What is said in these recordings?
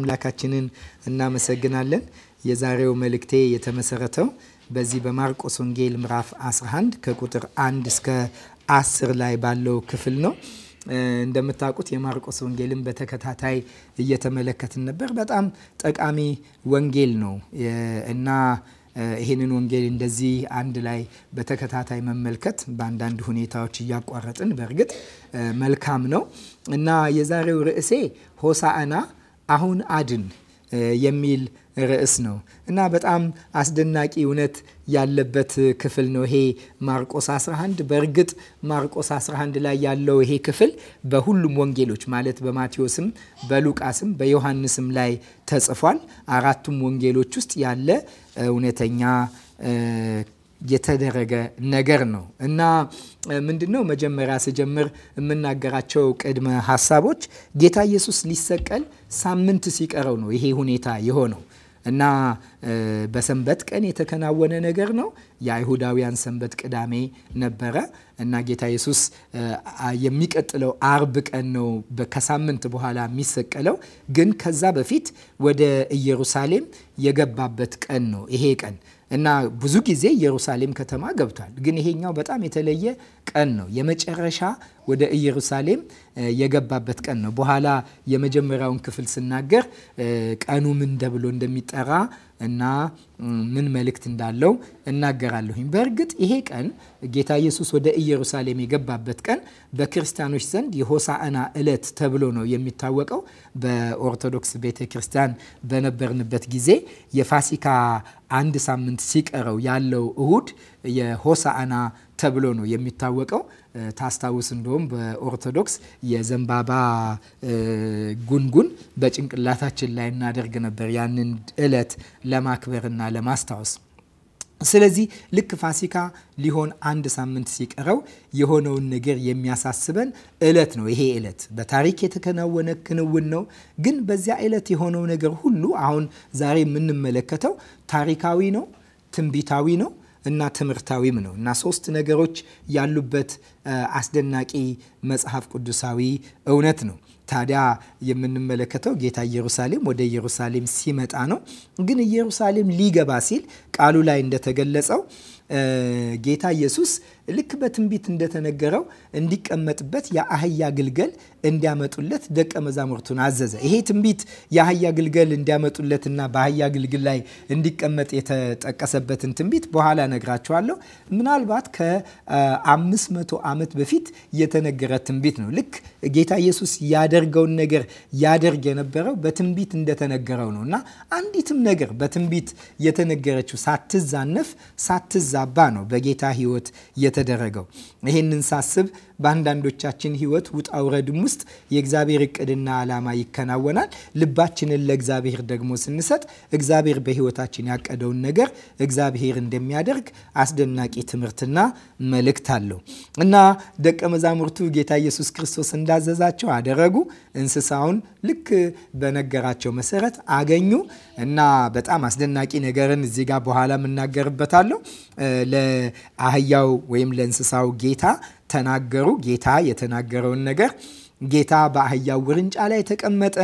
አምላካችንን እናመሰግናለን። የዛሬው መልእክቴ የተመሰረተው በዚህ በማርቆስ ወንጌል ምዕራፍ 11 ከቁጥር 1 እስከ 10 ላይ ባለው ክፍል ነው። እንደምታውቁት የማርቆስ ወንጌልን በተከታታይ እየተመለከትን ነበር። በጣም ጠቃሚ ወንጌል ነው እና ይህንን ወንጌል እንደዚህ አንድ ላይ በተከታታይ መመልከት በአንዳንድ ሁኔታዎች እያቋረጥን በእርግጥ መልካም ነው እና የዛሬው ርዕሴ ሆሳዕና አሁን አድን የሚል ርዕስ ነው እና በጣም አስደናቂ እውነት ያለበት ክፍል ነው ይሄ ማርቆስ 11። በእርግጥ ማርቆስ 11 ላይ ያለው ይሄ ክፍል በሁሉም ወንጌሎች ማለት በማቴዎስም፣ በሉቃስም፣ በዮሐንስም ላይ ተጽፏል። አራቱም ወንጌሎች ውስጥ ያለ እውነተኛ የተደረገ ነገር ነው እና ምንድን ነው መጀመሪያ ስጀምር የምናገራቸው ቅድመ ሀሳቦች ጌታ ኢየሱስ ሊሰቀል ሳምንት ሲቀረው ነው ይሄ ሁኔታ የሆነው እና በሰንበት ቀን የተከናወነ ነገር ነው። የአይሁዳውያን ሰንበት ቅዳሜ ነበረ እና ጌታ ኢየሱስ የሚቀጥለው አርብ ቀን ነው ከሳምንት በኋላ የሚሰቀለው። ግን ከዛ በፊት ወደ ኢየሩሳሌም የገባበት ቀን ነው ይሄ ቀን እና ብዙ ጊዜ ኢየሩሳሌም ከተማ ገብቷል። ግን ይሄኛው በጣም የተለየ ቀን ነው። የመጨረሻ ወደ ኢየሩሳሌም የገባበት ቀን ነው። በኋላ የመጀመሪያውን ክፍል ስናገር ቀኑ ምን ተብሎ እንደሚጠራ እና ምን መልእክት እንዳለው እናገራለሁኝ። በእርግጥ ይሄ ቀን ጌታ ኢየሱስ ወደ ኢየሩሳሌም የገባበት ቀን በክርስቲያኖች ዘንድ የሆሳዕና ዕለት ተብሎ ነው የሚታወቀው። በኦርቶዶክስ ቤተ ክርስቲያን በነበርንበት ጊዜ የፋሲካ አንድ ሳምንት ሲቀረው ያለው እሁድ የሆሳዕና ተብሎ ነው የሚታወቀው። ታስታውስ እንደውም በኦርቶዶክስ የዘንባባ ጉንጉን በጭንቅላታችን ላይ እናደርግ ነበር ያንን እለት ለማክበርና ለማስታወስ። ስለዚህ ልክ ፋሲካ ሊሆን አንድ ሳምንት ሲቀረው የሆነውን ነገር የሚያሳስበን እለት ነው። ይሄ እለት በታሪክ የተከናወነ ክንውን ነው። ግን በዚያ እለት የሆነው ነገር ሁሉ አሁን ዛሬ የምንመለከተው ታሪካዊ ነው፣ ትንቢታዊ ነው እና ትምህርታዊም ነው እና ሶስት ነገሮች ያሉበት አስደናቂ መጽሐፍ ቅዱሳዊ እውነት ነው። ታዲያ የምንመለከተው ጌታ ኢየሩሳሌም ወደ ኢየሩሳሌም ሲመጣ ነው። ግን ኢየሩሳሌም ሊገባ ሲል ቃሉ ላይ እንደተገለጸው ጌታ ኢየሱስ ልክ በትንቢት እንደተነገረው እንዲቀመጥበት የአህያ ግልገል እንዲያመጡለት ደቀ መዛሙርቱን አዘዘ። ይሄ ትንቢት የአህያ ግልገል እንዲያመጡለትና በአህያ ግልግል ላይ እንዲቀመጥ የተጠቀሰበትን ትንቢት በኋላ ነግራችኋለሁ። ምናልባት ከአምስት መቶ ዓመት በፊት የተነገረ ትንቢት ነው። ልክ ጌታ ኢየሱስ ያደርገውን ነገር ያደርግ የነበረው በትንቢት እንደተነገረው ነው እና አንዲትም ነገር በትንቢት የተነገረችው ሳትዛነፍ ሳትዛባ ነው በጌታ ሕይወት የተ ተደረገው ይህንን ሳስብ በአንዳንዶቻችን ህይወት ውጣ ውረድም ውስጥ የእግዚአብሔር እቅድና ዓላማ ይከናወናል። ልባችንን ለእግዚአብሔር ደግሞ ስንሰጥ እግዚአብሔር በህይወታችን ያቀደውን ነገር እግዚአብሔር እንደሚያደርግ አስደናቂ ትምህርትና መልእክት አለው እና ደቀ መዛሙርቱ ጌታ ኢየሱስ ክርስቶስ እንዳዘዛቸው አደረጉ። እንስሳውን ልክ በነገራቸው መሰረት አገኙ እና በጣም አስደናቂ ነገርን እዚህ ጋር በኋላ የምናገርበታለሁ። ለአህያው ወይም ለእንስሳው ጌታ ተናገሩ። ጌታ የተናገረውን ነገር ጌታ በአህያው ውርንጫ ላይ ተቀመጠ፣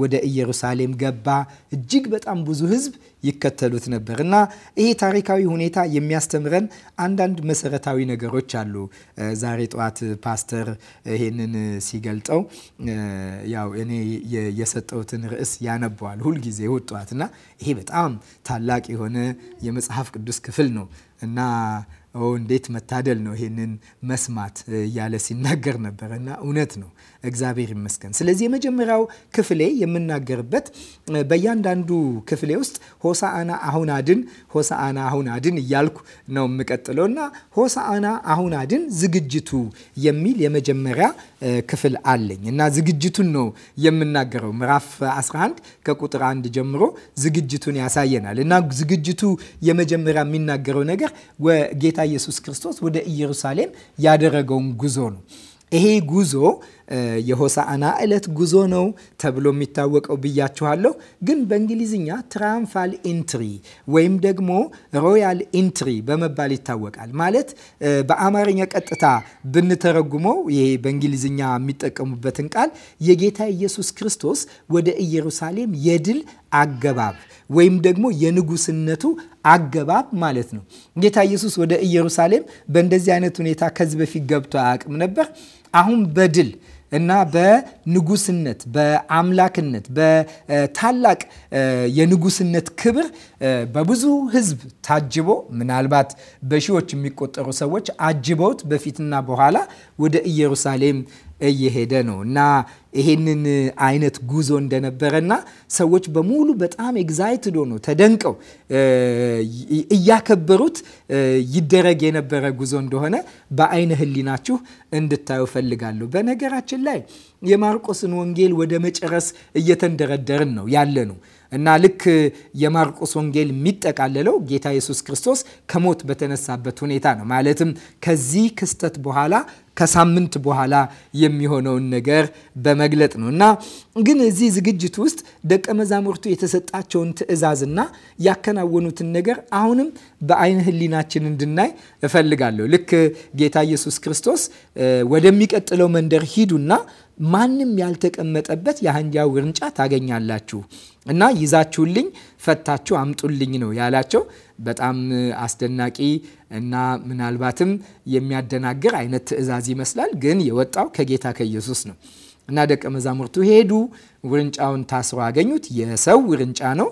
ወደ ኢየሩሳሌም ገባ። እጅግ በጣም ብዙ ሕዝብ ይከተሉት ነበር እና ይሄ ታሪካዊ ሁኔታ የሚያስተምረን አንዳንድ መሰረታዊ ነገሮች አሉ። ዛሬ ጠዋት ፓስተር ይሄንን ሲገልጠው ያው እኔ የሰጠሁትን ርዕስ ያነበዋል ሁልጊዜ እሁድ ጠዋት እና ይሄ በጣም ታላቅ የሆነ የመጽሐፍ ቅዱስ ክፍል ነው እና እንዴት መታደል ነው ይሄንን መስማት እያለ ሲናገር ነበር እና እውነት ነው እግዚአብሔር ይመስገን። ስለዚህ የመጀመሪያው ክፍሌ የምናገርበት በእያንዳንዱ ክፍሌ ውስጥ ሆሳአና አሁን አድን፣ ሆሳአና አሁን አድን እያልኩ ነው የምቀጥለው እና ሆሳአና አሁን አድን ዝግጅቱ የሚል የመጀመሪያ ክፍል አለኝ እና ዝግጅቱን ነው የምናገረው። ምዕራፍ 11 ከቁጥር 1 ጀምሮ ዝግጅቱን ያሳየናል እና ዝግጅቱ የመጀመሪያ የሚናገረው ነገር ጌታ ኢየሱስ ክርስቶስ ወደ ኢየሩሳሌም ያደረገውን ጉዞ ነው። ይሄ ጉዞ የሆሳዕና ዕለት ጉዞ ነው ተብሎ የሚታወቀው ብያችኋለሁ። ግን በእንግሊዝኛ ትራምፋል ኢንትሪ ወይም ደግሞ ሮያል ኢንትሪ በመባል ይታወቃል። ማለት በአማርኛ ቀጥታ ብንተረጉመው ይሄ በእንግሊዝኛ የሚጠቀሙበትን ቃል የጌታ ኢየሱስ ክርስቶስ ወደ ኢየሩሳሌም የድል አገባብ ወይም ደግሞ የንጉስነቱ አገባብ ማለት ነው። ጌታ ኢየሱስ ወደ ኢየሩሳሌም በእንደዚህ አይነት ሁኔታ ከዚህ በፊት ገብቶ አያውቅም ነበር። አሁን በድል እና በንጉስነት፣ በአምላክነት፣ በታላቅ የንጉስነት ክብር በብዙ ህዝብ ታጅቦ ምናልባት በሺዎች የሚቆጠሩ ሰዎች አጅበውት በፊትና በኋላ ወደ ኢየሩሳሌም እየሄደ ነው እና ይሄንን አይነት ጉዞ እንደነበረና ሰዎች በሙሉ በጣም ኤግዛይትድ ሆኖ ተደንቀው እያከበሩት ይደረግ የነበረ ጉዞ እንደሆነ በአይነ ህሊናችሁ እንድታዩ ፈልጋለሁ። በነገራችን ላይ የማርቆስን ወንጌል ወደ መጨረስ እየተንደረደርን ነው ያለ ነው እና ልክ የማርቆስ ወንጌል የሚጠቃለለው ጌታ ኢየሱስ ክርስቶስ ከሞት በተነሳበት ሁኔታ ነው። ማለትም ከዚህ ክስተት በኋላ ከሳምንት በኋላ የሚሆነውን ነገር በመግለጥ ነው እና ግን እዚህ ዝግጅት ውስጥ ደቀ መዛሙርቱ የተሰጣቸውን ትእዛዝና ያከናወኑትን ነገር አሁንም በአይን ህሊናችን እንድናይ እፈልጋለሁ። ልክ ጌታ ኢየሱስ ክርስቶስ ወደሚቀጥለው መንደር ሂዱና ማንም ያልተቀመጠበት የአህያ ውርንጫ ታገኛላችሁ እና ይዛችሁልኝ ፈታችሁ አምጡልኝ ነው ያላቸው። በጣም አስደናቂ እና ምናልባትም የሚያደናግር አይነት ትእዛዝ ይመስላል። ግን የወጣው ከጌታ ከኢየሱስ ነው እና ደቀ መዛሙርቱ ሄዱ። ውርንጫውን ታስሮ አገኙት። የሰው ውርንጫ ነው።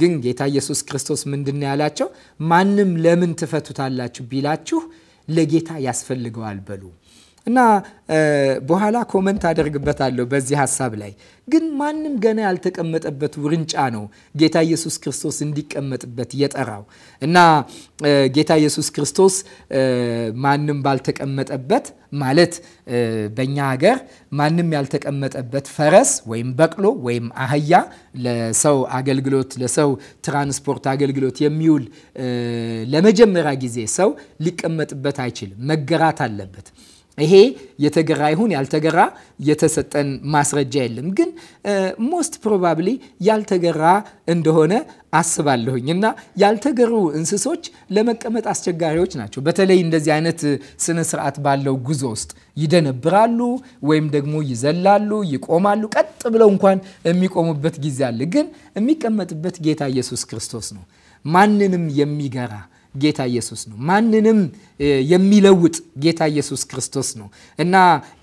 ግን ጌታ ኢየሱስ ክርስቶስ ምንድን ያላቸው? ማንም ለምን ትፈቱታላችሁ ቢላችሁ ለጌታ ያስፈልገዋል በሉ እና በኋላ ኮመንት አደርግበታለሁ በዚህ ሀሳብ ላይ ግን ማንም ገና ያልተቀመጠበት ውርንጫ ነው ጌታ ኢየሱስ ክርስቶስ እንዲቀመጥበት የጠራው እና ጌታ ኢየሱስ ክርስቶስ ማንም ባልተቀመጠበት ማለት በእኛ ሀገር ማንም ያልተቀመጠበት ፈረስ ወይም በቅሎ ወይም አህያ ለሰው አገልግሎት ለሰው ትራንስፖርት አገልግሎት የሚውል ለመጀመሪያ ጊዜ ሰው ሊቀመጥበት አይችልም። መገራት አለበት። ይሄ የተገራ ይሁን ያልተገራ የተሰጠን ማስረጃ የለም። ግን ሞስት ፕሮባብሊ ያልተገራ እንደሆነ አስባለሁኝ እና ያልተገሩ እንስሶች ለመቀመጥ አስቸጋሪዎች ናቸው። በተለይ እንደዚህ አይነት ስነ ስርዓት ባለው ጉዞ ውስጥ ይደነብራሉ፣ ወይም ደግሞ ይዘላሉ፣ ይቆማሉ። ቀጥ ብለው እንኳን የሚቆሙበት ጊዜ አለ። ግን የሚቀመጥበት ጌታ ኢየሱስ ክርስቶስ ነው። ማንንም የሚገራ ጌታ ኢየሱስ ነው። ማንንም የሚለውጥ ጌታ ኢየሱስ ክርስቶስ ነው እና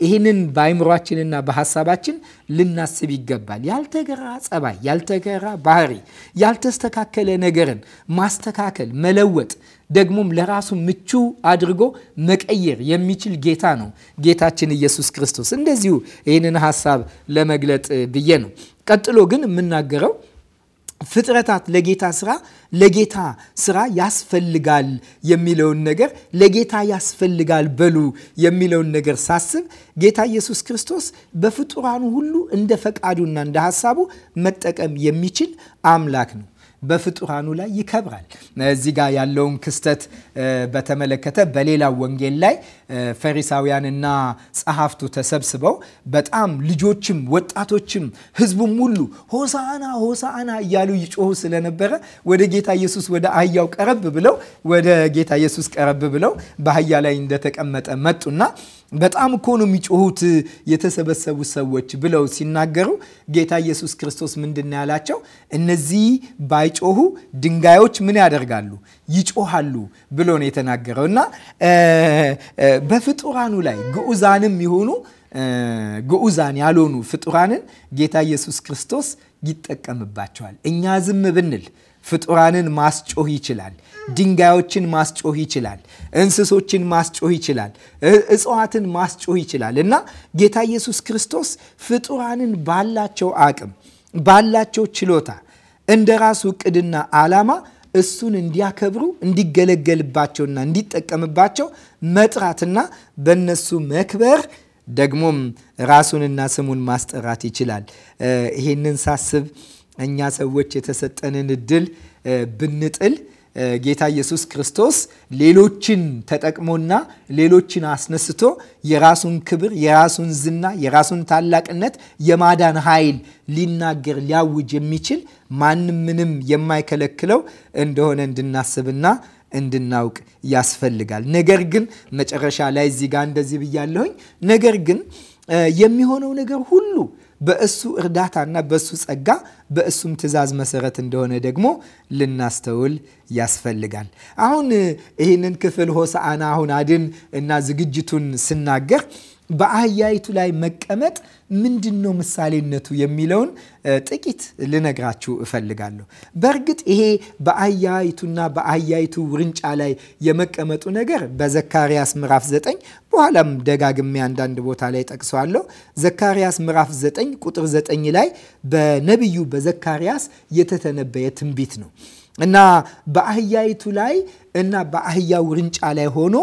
ይህንን በአይምሯችንና በሀሳባችን ልናስብ ይገባል። ያልተገራ ጸባይ፣ ያልተገራ ባህሪ፣ ያልተስተካከለ ነገርን ማስተካከል፣ መለወጥ ደግሞም ለራሱ ምቹ አድርጎ መቀየር የሚችል ጌታ ነው ጌታችን ኢየሱስ ክርስቶስ። እንደዚሁ ይህንን ሀሳብ ለመግለጥ ብዬ ነው። ቀጥሎ ግን የምናገረው ፍጥረታት ለጌታ ስራ ለጌታ ስራ ያስፈልጋል የሚለውን ነገር ለጌታ ያስፈልጋል በሉ የሚለውን ነገር ሳስብ ጌታ ኢየሱስ ክርስቶስ በፍጡራኑ ሁሉ እንደ ፈቃዱና እንደ ሀሳቡ መጠቀም የሚችል አምላክ ነው። በፍጡራኑ ላይ ይከብራል። እዚህ ጋር ያለውን ክስተት በተመለከተ በሌላ ወንጌል ላይ ፈሪሳውያንና ጸሐፍቱ ተሰብስበው በጣም ልጆችም ወጣቶችም ህዝቡም ሁሉ ሆሳና ሆሳና እያሉ ይጮሁ ስለነበረ ወደ ጌታ ኢየሱስ ወደ አህያው ቀረብ ብለው ወደ ጌታ ኢየሱስ ቀረብ ብለው በአህያ ላይ እንደተቀመጠ መጡና በጣም እኮ ነው የሚጮሁት የተሰበሰቡ ሰዎች ብለው ሲናገሩ ጌታ ኢየሱስ ክርስቶስ ምንድን ያላቸው? እነዚህ ባይጮሁ ድንጋዮች ምን ያደርጋሉ? ይጮሃሉ ብሎ ነው የተናገረው እና በፍጡራኑ ላይ ግዑዛንም የሆኑ ግዑዛን ያልሆኑ ፍጡራንን ጌታ ኢየሱስ ክርስቶስ ይጠቀምባቸዋል። እኛ ዝም ብንል ፍጡራንን ማስጮህ ይችላል። ድንጋዮችን ማስጮህ ይችላል። እንስሶችን ማስጮህ ይችላል። እጽዋትን ማስጮህ ይችላል እና ጌታ ኢየሱስ ክርስቶስ ፍጡራንን ባላቸው አቅም፣ ባላቸው ችሎታ እንደ ራሱ እቅድና ዓላማ እሱን እንዲያከብሩ እንዲገለገልባቸውና እንዲጠቀምባቸው መጥራትና በነሱ መክበር ደግሞም ራሱንና ስሙን ማስጠራት ይችላል። ይህንን ሳስብ እኛ ሰዎች የተሰጠንን እድል ብንጥል ጌታ ኢየሱስ ክርስቶስ ሌሎችን ተጠቅሞና ሌሎችን አስነስቶ የራሱን ክብር፣ የራሱን ዝና፣ የራሱን ታላቅነት፣ የማዳን ኃይል ሊናገር ሊያውጅ የሚችል ማንም ምንም የማይከለክለው እንደሆነ እንድናስብና እንድናውቅ ያስፈልጋል። ነገር ግን መጨረሻ ላይ እዚህ ጋር እንደዚህ ብያለሁኝ። ነገር ግን የሚሆነው ነገር ሁሉ በእሱ እርዳታና በእሱ ጸጋ በእሱም ትእዛዝ መሰረት እንደሆነ ደግሞ ልናስተውል ያስፈልጋል። አሁን ይህንን ክፍል ሆሳዕና አሁን አድን እና ዝግጅቱን ስናገር በአህያይቱ ላይ መቀመጥ ምንድን ነው ምሳሌነቱ የሚለውን ጥቂት ልነግራችሁ እፈልጋለሁ። በእርግጥ ይሄ በአህያይቱና በአህያይቱ ውርንጫ ላይ የመቀመጡ ነገር በዘካርያስ ምዕራፍ 9 በኋላም ደጋግሜ አንዳንድ ቦታ ላይ ጠቅሰዋለሁ። ዘካርያስ ምዕራፍ 9 ቁጥር 9 ላይ በነቢዩ በዘካርያስ የተተነበየ ትንቢት ነው። እና በአህያይቱ ላይ እና በአህያ ውርንጫ ላይ ሆኖ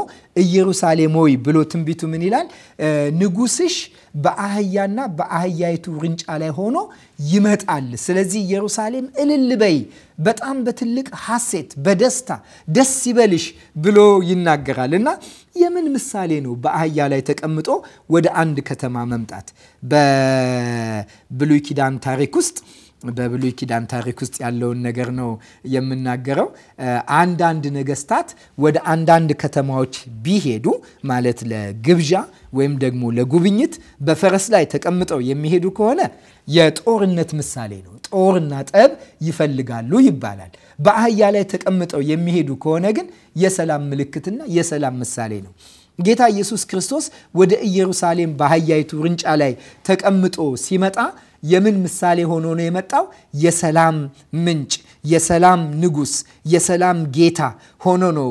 ኢየሩሳሌም ሆይ ብሎ ትንቢቱ ምን ይላል? ንጉስሽ በአህያና በአህያይቱ ውርንጫ ላይ ሆኖ ይመጣል። ስለዚህ ኢየሩሳሌም እልል በይ፣ በጣም በትልቅ ሐሴት፣ በደስታ ደስ ይበልሽ ብሎ ይናገራል እና የምን ምሳሌ ነው? በአህያ ላይ ተቀምጦ ወደ አንድ ከተማ መምጣት በብሉይ ኪዳን ታሪክ ውስጥ በብሉይ ኪዳን ታሪክ ውስጥ ያለውን ነገር ነው የምናገረው። አንዳንድ ነገስታት ወደ አንዳንድ ከተማዎች ቢሄዱ ማለት ለግብዣ ወይም ደግሞ ለጉብኝት በፈረስ ላይ ተቀምጠው የሚሄዱ ከሆነ የጦርነት ምሳሌ ነው። ጦርና ጠብ ይፈልጋሉ ይባላል። በአህያ ላይ ተቀምጠው የሚሄዱ ከሆነ ግን የሰላም ምልክትና የሰላም ምሳሌ ነው። ጌታ ኢየሱስ ክርስቶስ ወደ ኢየሩሳሌም በአህያይቱ ርንጫ ላይ ተቀምጦ ሲመጣ የምን ምሳሌ ሆኖ ነው የመጣው? የሰላም ምንጭ፣ የሰላም ንጉስ፣ የሰላም ጌታ ሆኖ ነው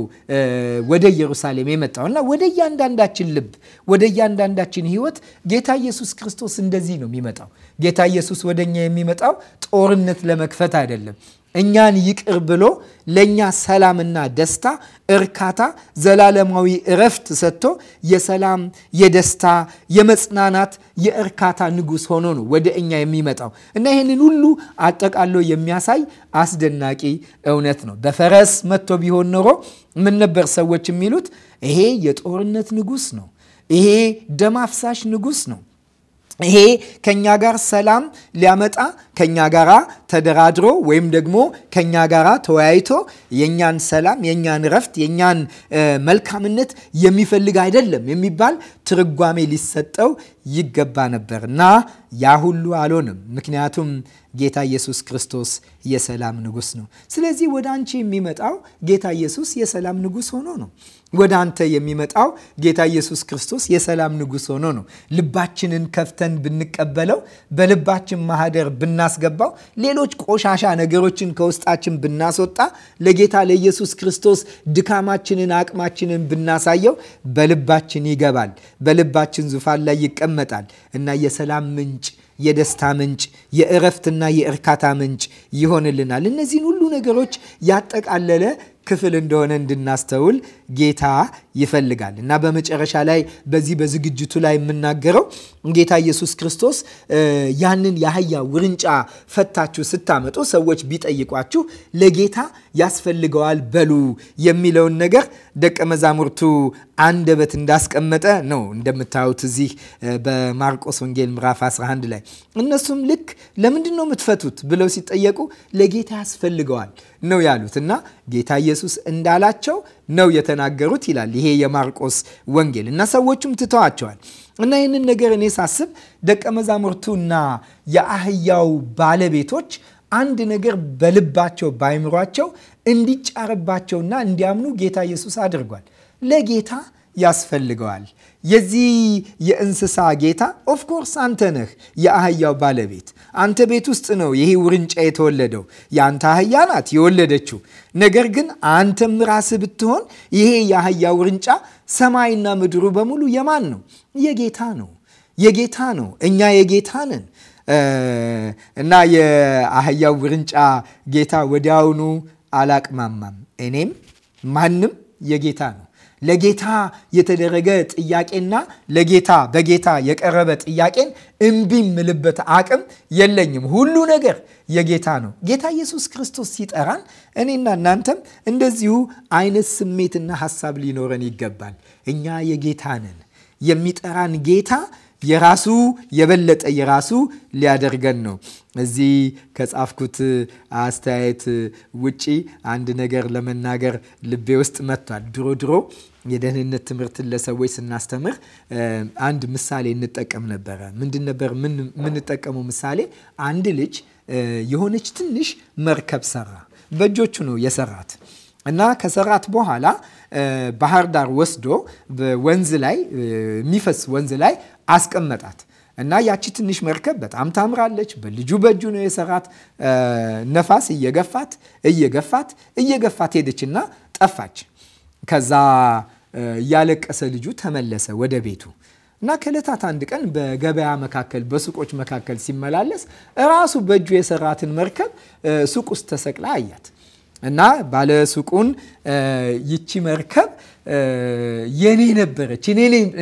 ወደ ኢየሩሳሌም የመጣው እና ወደ እያንዳንዳችን ልብ፣ ወደ እያንዳንዳችን ህይወት ጌታ ኢየሱስ ክርስቶስ እንደዚህ ነው የሚመጣው። ጌታ ኢየሱስ ወደኛ የሚመጣው ጦርነት ለመክፈት አይደለም። እኛን ይቅር ብሎ ለእኛ ሰላምና ደስታ፣ እርካታ፣ ዘላለማዊ እረፍት ሰጥቶ የሰላም የደስታ፣ የመጽናናት፣ የእርካታ ንጉሥ ሆኖ ነው ወደ እኛ የሚመጣው እና ይህንን ሁሉ አጠቃሎ የሚያሳይ አስደናቂ እውነት ነው። በፈረስ መጥቶ ቢሆን ኖሮ ምን ነበር ሰዎች የሚሉት? ይሄ የጦርነት ንጉሥ ነው። ይሄ ደም አፍሳሽ ንጉሥ ነው። ይሄ ከኛ ጋር ሰላም ሊያመጣ ከኛ ጋራ ተደራድሮ ወይም ደግሞ ከኛ ጋራ ተወያይቶ የእኛን ሰላም የእኛን እረፍት የእኛን መልካምነት የሚፈልግ አይደለም የሚባል ትርጓሜ ሊሰጠው ይገባ ነበር እና ያ ሁሉ አልሆንም። ምክንያቱም ጌታ ኢየሱስ ክርስቶስ የሰላም ንጉስ ነው። ስለዚህ ወደ አንቺ የሚመጣው ጌታ ኢየሱስ የሰላም ንጉስ ሆኖ ነው። ወደ አንተ የሚመጣው ጌታ ኢየሱስ ክርስቶስ የሰላም ንጉስ ሆኖ ነው። ልባችንን ከፍተን ብንቀበለው፣ በልባችን ማህደር ብናስገባው፣ ሌሎች ቆሻሻ ነገሮችን ከውስጣችን ብናስወጣ፣ ለጌታ ለኢየሱስ ክርስቶስ ድካማችንን፣ አቅማችንን ብናሳየው፣ በልባችን ይገባል፣ በልባችን ዙፋን ላይ ይቀመጣል እና የሰላም ምንጭ የደስታ ምንጭ፣ የእረፍትና የእርካታ ምንጭ ይሆንልናል። እነዚህን ሁሉ ነገሮች ያጠቃለለ ክፍል እንደሆነ እንድናስተውል ጌታ ይፈልጋል እና በመጨረሻ ላይ በዚህ በዝግጅቱ ላይ የምናገረው ጌታ ኢየሱስ ክርስቶስ ያንን የአህያ ውርንጫ ፈታችሁ ስታመጡ ሰዎች ቢጠይቋችሁ ለጌታ ያስፈልገዋል በሉ የሚለውን ነገር ደቀ መዛሙርቱ አንደበት እንዳስቀመጠ ነው። እንደምታዩት እዚህ በማርቆስ ወንጌል ምዕራፍ 11 ላይ እነሱም ልክ ለምንድን ነው የምትፈቱት ብለው ሲጠየቁ ለጌታ ያስፈልገዋል ነው ያሉት እና ጌታ ኢየሱስ እንዳላቸው ነው የተናገሩት ይላል ይሄ የማርቆስ ወንጌል እና ሰዎቹም ትተዋቸዋል እና ይህንን ነገር እኔ ሳስብ ደቀ መዛሙርቱና የአህያው ባለቤቶች አንድ ነገር በልባቸው ባይምሯቸው እንዲጫርባቸውና እንዲያምኑ ጌታ ኢየሱስ አድርጓል። ለጌታ ያስፈልገዋል። የዚህ የእንስሳ ጌታ ኦፍኮርስ አንተ ነህ፣ የአህያው ባለቤት አንተ ቤት ውስጥ ነው ይሄ ውርንጫ የተወለደው። የአንተ አህያ ናት የወለደችው። ነገር ግን አንተም ራስ ብትሆን ይሄ የአህያ ውርንጫ ሰማይና ምድሩ በሙሉ የማን ነው? የጌታ ነው። የጌታ ነው። እኛ የጌታ ነን። እና የአህያው ውርንጫ ጌታ ወዲያውኑ አላቅማማም። እኔም ማንም የጌታ ነው ለጌታ የተደረገ ጥያቄና ለጌታ በጌታ የቀረበ ጥያቄን እምቢ ምልበት አቅም የለኝም። ሁሉ ነገር የጌታ ነው። ጌታ ኢየሱስ ክርስቶስ ሲጠራን እኔና እናንተም እንደዚሁ አይነት ስሜትና ሀሳብ ሊኖረን ይገባል። እኛ የጌታ ነን። የሚጠራን ጌታ የራሱ የበለጠ የራሱ ሊያደርገን ነው። እዚህ ከጻፍኩት አስተያየት ውጪ አንድ ነገር ለመናገር ልቤ ውስጥ መጥቷል። ድሮ ድሮ የደህንነት ትምህርትን ለሰዎች ስናስተምር አንድ ምሳሌ እንጠቀም ነበረ። ምንድን ነበር የምንጠቀመው ምሳሌ? አንድ ልጅ የሆነች ትንሽ መርከብ ሰራ። በእጆቹ ነው የሰራት እና ከሰራት በኋላ ባህር ዳር ወስዶ ወንዝ ላይ የሚፈስ ወንዝ ላይ አስቀመጣት። እና ያቺ ትንሽ መርከብ በጣም ታምራለች። በልጁ በእጁ ነው የሰራት። ነፋስ እየገፋት እየገፋት እየገፋት ሄደችና ጠፋች። ከዛ እያለቀሰ ልጁ ተመለሰ ወደ ቤቱ እና ከእለታት አንድ ቀን በገበያ መካከል በሱቆች መካከል ሲመላለስ እራሱ በእጁ የሰራትን መርከብ ሱቅ ውስጥ ተሰቅላ አያት። እና ባለሱቁን ይቺ መርከብ የኔ ነበረች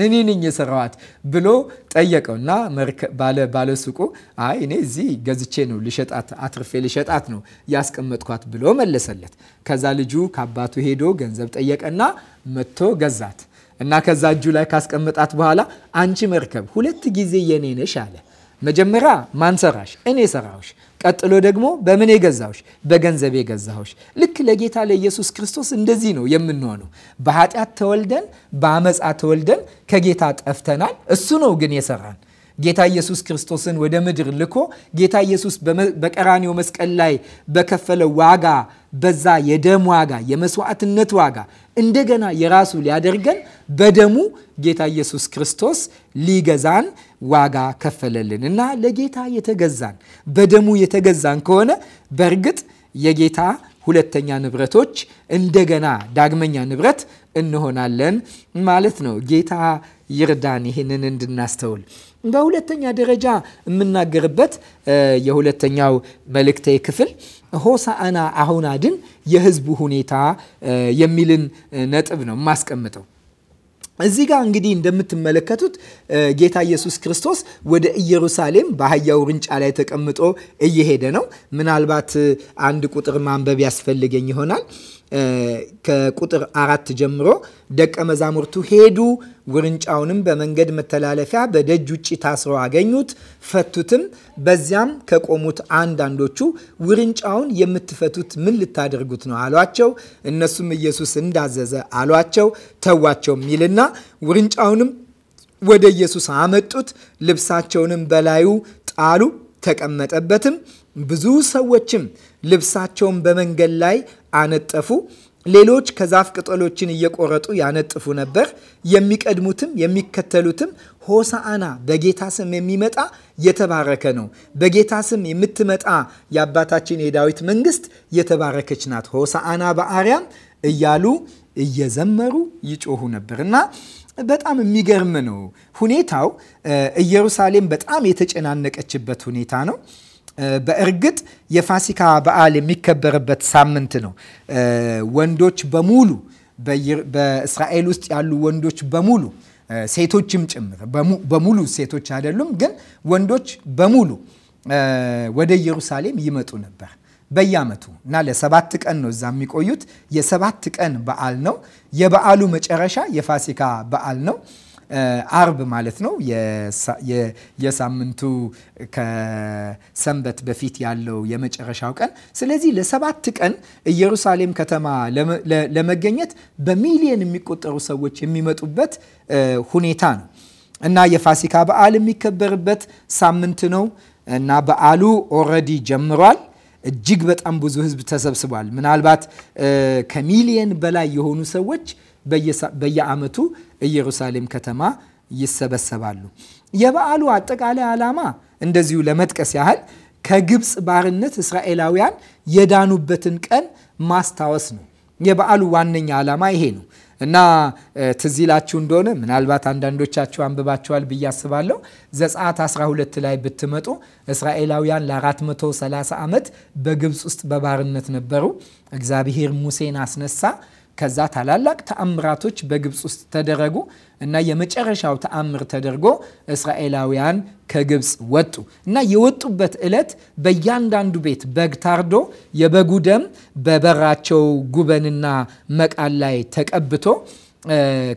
እኔ ነኝ የሰራዋት ብሎ ጠየቀው እና ባለሱቁ አይ እኔ እዚህ ገዝቼ ነው ልሸጣት አትርፌ ልሸጣት ነው ያስቀመጥኳት ብሎ መለሰለት። ከዛ ልጁ ከአባቱ ሄዶ ገንዘብ ጠየቀና መጥቶ ገዛት እና ከዛ እጁ ላይ ካስቀመጣት በኋላ አንቺ መርከብ ሁለት ጊዜ የኔ ነሽ አለ መጀመሪያ ማን ሰራሽ? እኔ ሰራሁሽ። ቀጥሎ ደግሞ በምን የገዛሁሽ? በገንዘብ የገዛሁሽ። ልክ ለጌታ ለኢየሱስ ክርስቶስ እንደዚህ ነው የምንሆነው። በኃጢአት ተወልደን፣ በአመፃ ተወልደን ከጌታ ጠፍተናል። እሱ ነው ግን የሰራን ጌታ ኢየሱስ ክርስቶስን ወደ ምድር ልኮ ጌታ ኢየሱስ በቀራኒው መስቀል ላይ በከፈለው ዋጋ በዛ የደም ዋጋ የመስዋዕትነት ዋጋ እንደገና የራሱ ሊያደርገን በደሙ ጌታ ኢየሱስ ክርስቶስ ሊገዛን ዋጋ ከፈለልን እና ለጌታ የተገዛን በደሙ የተገዛን ከሆነ በእርግጥ የጌታ ሁለተኛ ንብረቶች እንደገና ዳግመኛ ንብረት እንሆናለን ማለት ነው። ጌታ ይርዳን ይህንን እንድናስተውል። በሁለተኛ ደረጃ የምናገርበት የሁለተኛው መልእክቴ ክፍል ሆሳዕና አሁን አድን የህዝቡ ሁኔታ የሚልን ነጥብ ነው የማስቀምጠው። እዚህ ጋር እንግዲህ እንደምትመለከቱት ጌታ ኢየሱስ ክርስቶስ ወደ ኢየሩሳሌም በአህያ ውርንጫ ላይ ተቀምጦ እየሄደ ነው። ምናልባት አንድ ቁጥር ማንበብ ያስፈልገኝ ይሆናል። ከቁጥር አራት ጀምሮ ደቀ መዛሙርቱ ሄዱ፣ ውርንጫውንም በመንገድ መተላለፊያ በደጅ ውጭ ታስረው አገኙት፣ ፈቱትም። በዚያም ከቆሙት አንዳንዶቹ ውርንጫውን የምትፈቱት ምን ልታደርጉት ነው አሏቸው። እነሱም ኢየሱስ እንዳዘዘ አሏቸው። ተዋቸው የሚልና ውርንጫውንም ወደ ኢየሱስ አመጡት፣ ልብሳቸውንም በላዩ ጣሉ፣ ተቀመጠበትም። ብዙ ሰዎችም ልብሳቸውን በመንገድ ላይ አነጠፉ። ሌሎች ከዛፍ ቅጠሎችን እየቆረጡ ያነጥፉ ነበር። የሚቀድሙትም የሚከተሉትም ሆሳአና በጌታ ስም የሚመጣ የተባረከ ነው፣ በጌታ ስም የምትመጣ የአባታችን የዳዊት መንግስት የተባረከች ናት፣ ሆሳአና በአርያም እያሉ እየዘመሩ ይጮሁ ነበር እና በጣም የሚገርም ነው ሁኔታው። ኢየሩሳሌም በጣም የተጨናነቀችበት ሁኔታ ነው። በእርግጥ የፋሲካ በዓል የሚከበርበት ሳምንት ነው። ወንዶች በሙሉ በእስራኤል ውስጥ ያሉ ወንዶች በሙሉ ሴቶችም ጭምር በሙሉ ሴቶች አይደሉም፣ ግን ወንዶች በሙሉ ወደ ኢየሩሳሌም ይመጡ ነበር በየዓመቱ እና ለሰባት ቀን ነው እዛ የሚቆዩት። የሰባት ቀን በዓል ነው። የበዓሉ መጨረሻ የፋሲካ በዓል ነው። አርብ ማለት ነው የሳምንቱ ከሰንበት በፊት ያለው የመጨረሻው ቀን። ስለዚህ ለሰባት ቀን ኢየሩሳሌም ከተማ ለመገኘት በሚሊየን የሚቆጠሩ ሰዎች የሚመጡበት ሁኔታ ነው እና የፋሲካ በዓል የሚከበርበት ሳምንት ነው እና በዓሉ ኦልሬዲ ጀምሯል። እጅግ በጣም ብዙ ህዝብ ተሰብስቧል። ምናልባት ከሚሊየን በላይ የሆኑ ሰዎች በየዓመቱ ኢየሩሳሌም ከተማ ይሰበሰባሉ። የበዓሉ አጠቃላይ ዓላማ እንደዚሁ ለመጥቀስ ያህል ከግብፅ ባርነት እስራኤላውያን የዳኑበትን ቀን ማስታወስ ነው። የበዓሉ ዋነኛ ዓላማ ይሄ ነው እና ትዝ ይላችሁ እንደሆነ ምናልባት አንዳንዶቻችሁ አንብባችኋል ብዬ አስባለሁ። ዘጸአት 12 ላይ ብትመጡ እስራኤላውያን ለ430 ዓመት በግብፅ ውስጥ በባርነት ነበሩ። እግዚአብሔር ሙሴን አስነሳ። ከዛ ታላላቅ ተአምራቶች በግብፅ ውስጥ ተደረጉ እና የመጨረሻው ተአምር ተደርጎ እስራኤላውያን ከግብፅ ወጡ እና የወጡበት ዕለት በእያንዳንዱ ቤት በግ ታርዶ የበጉ ደም በበራቸው ጉበንና መቃል ላይ ተቀብቶ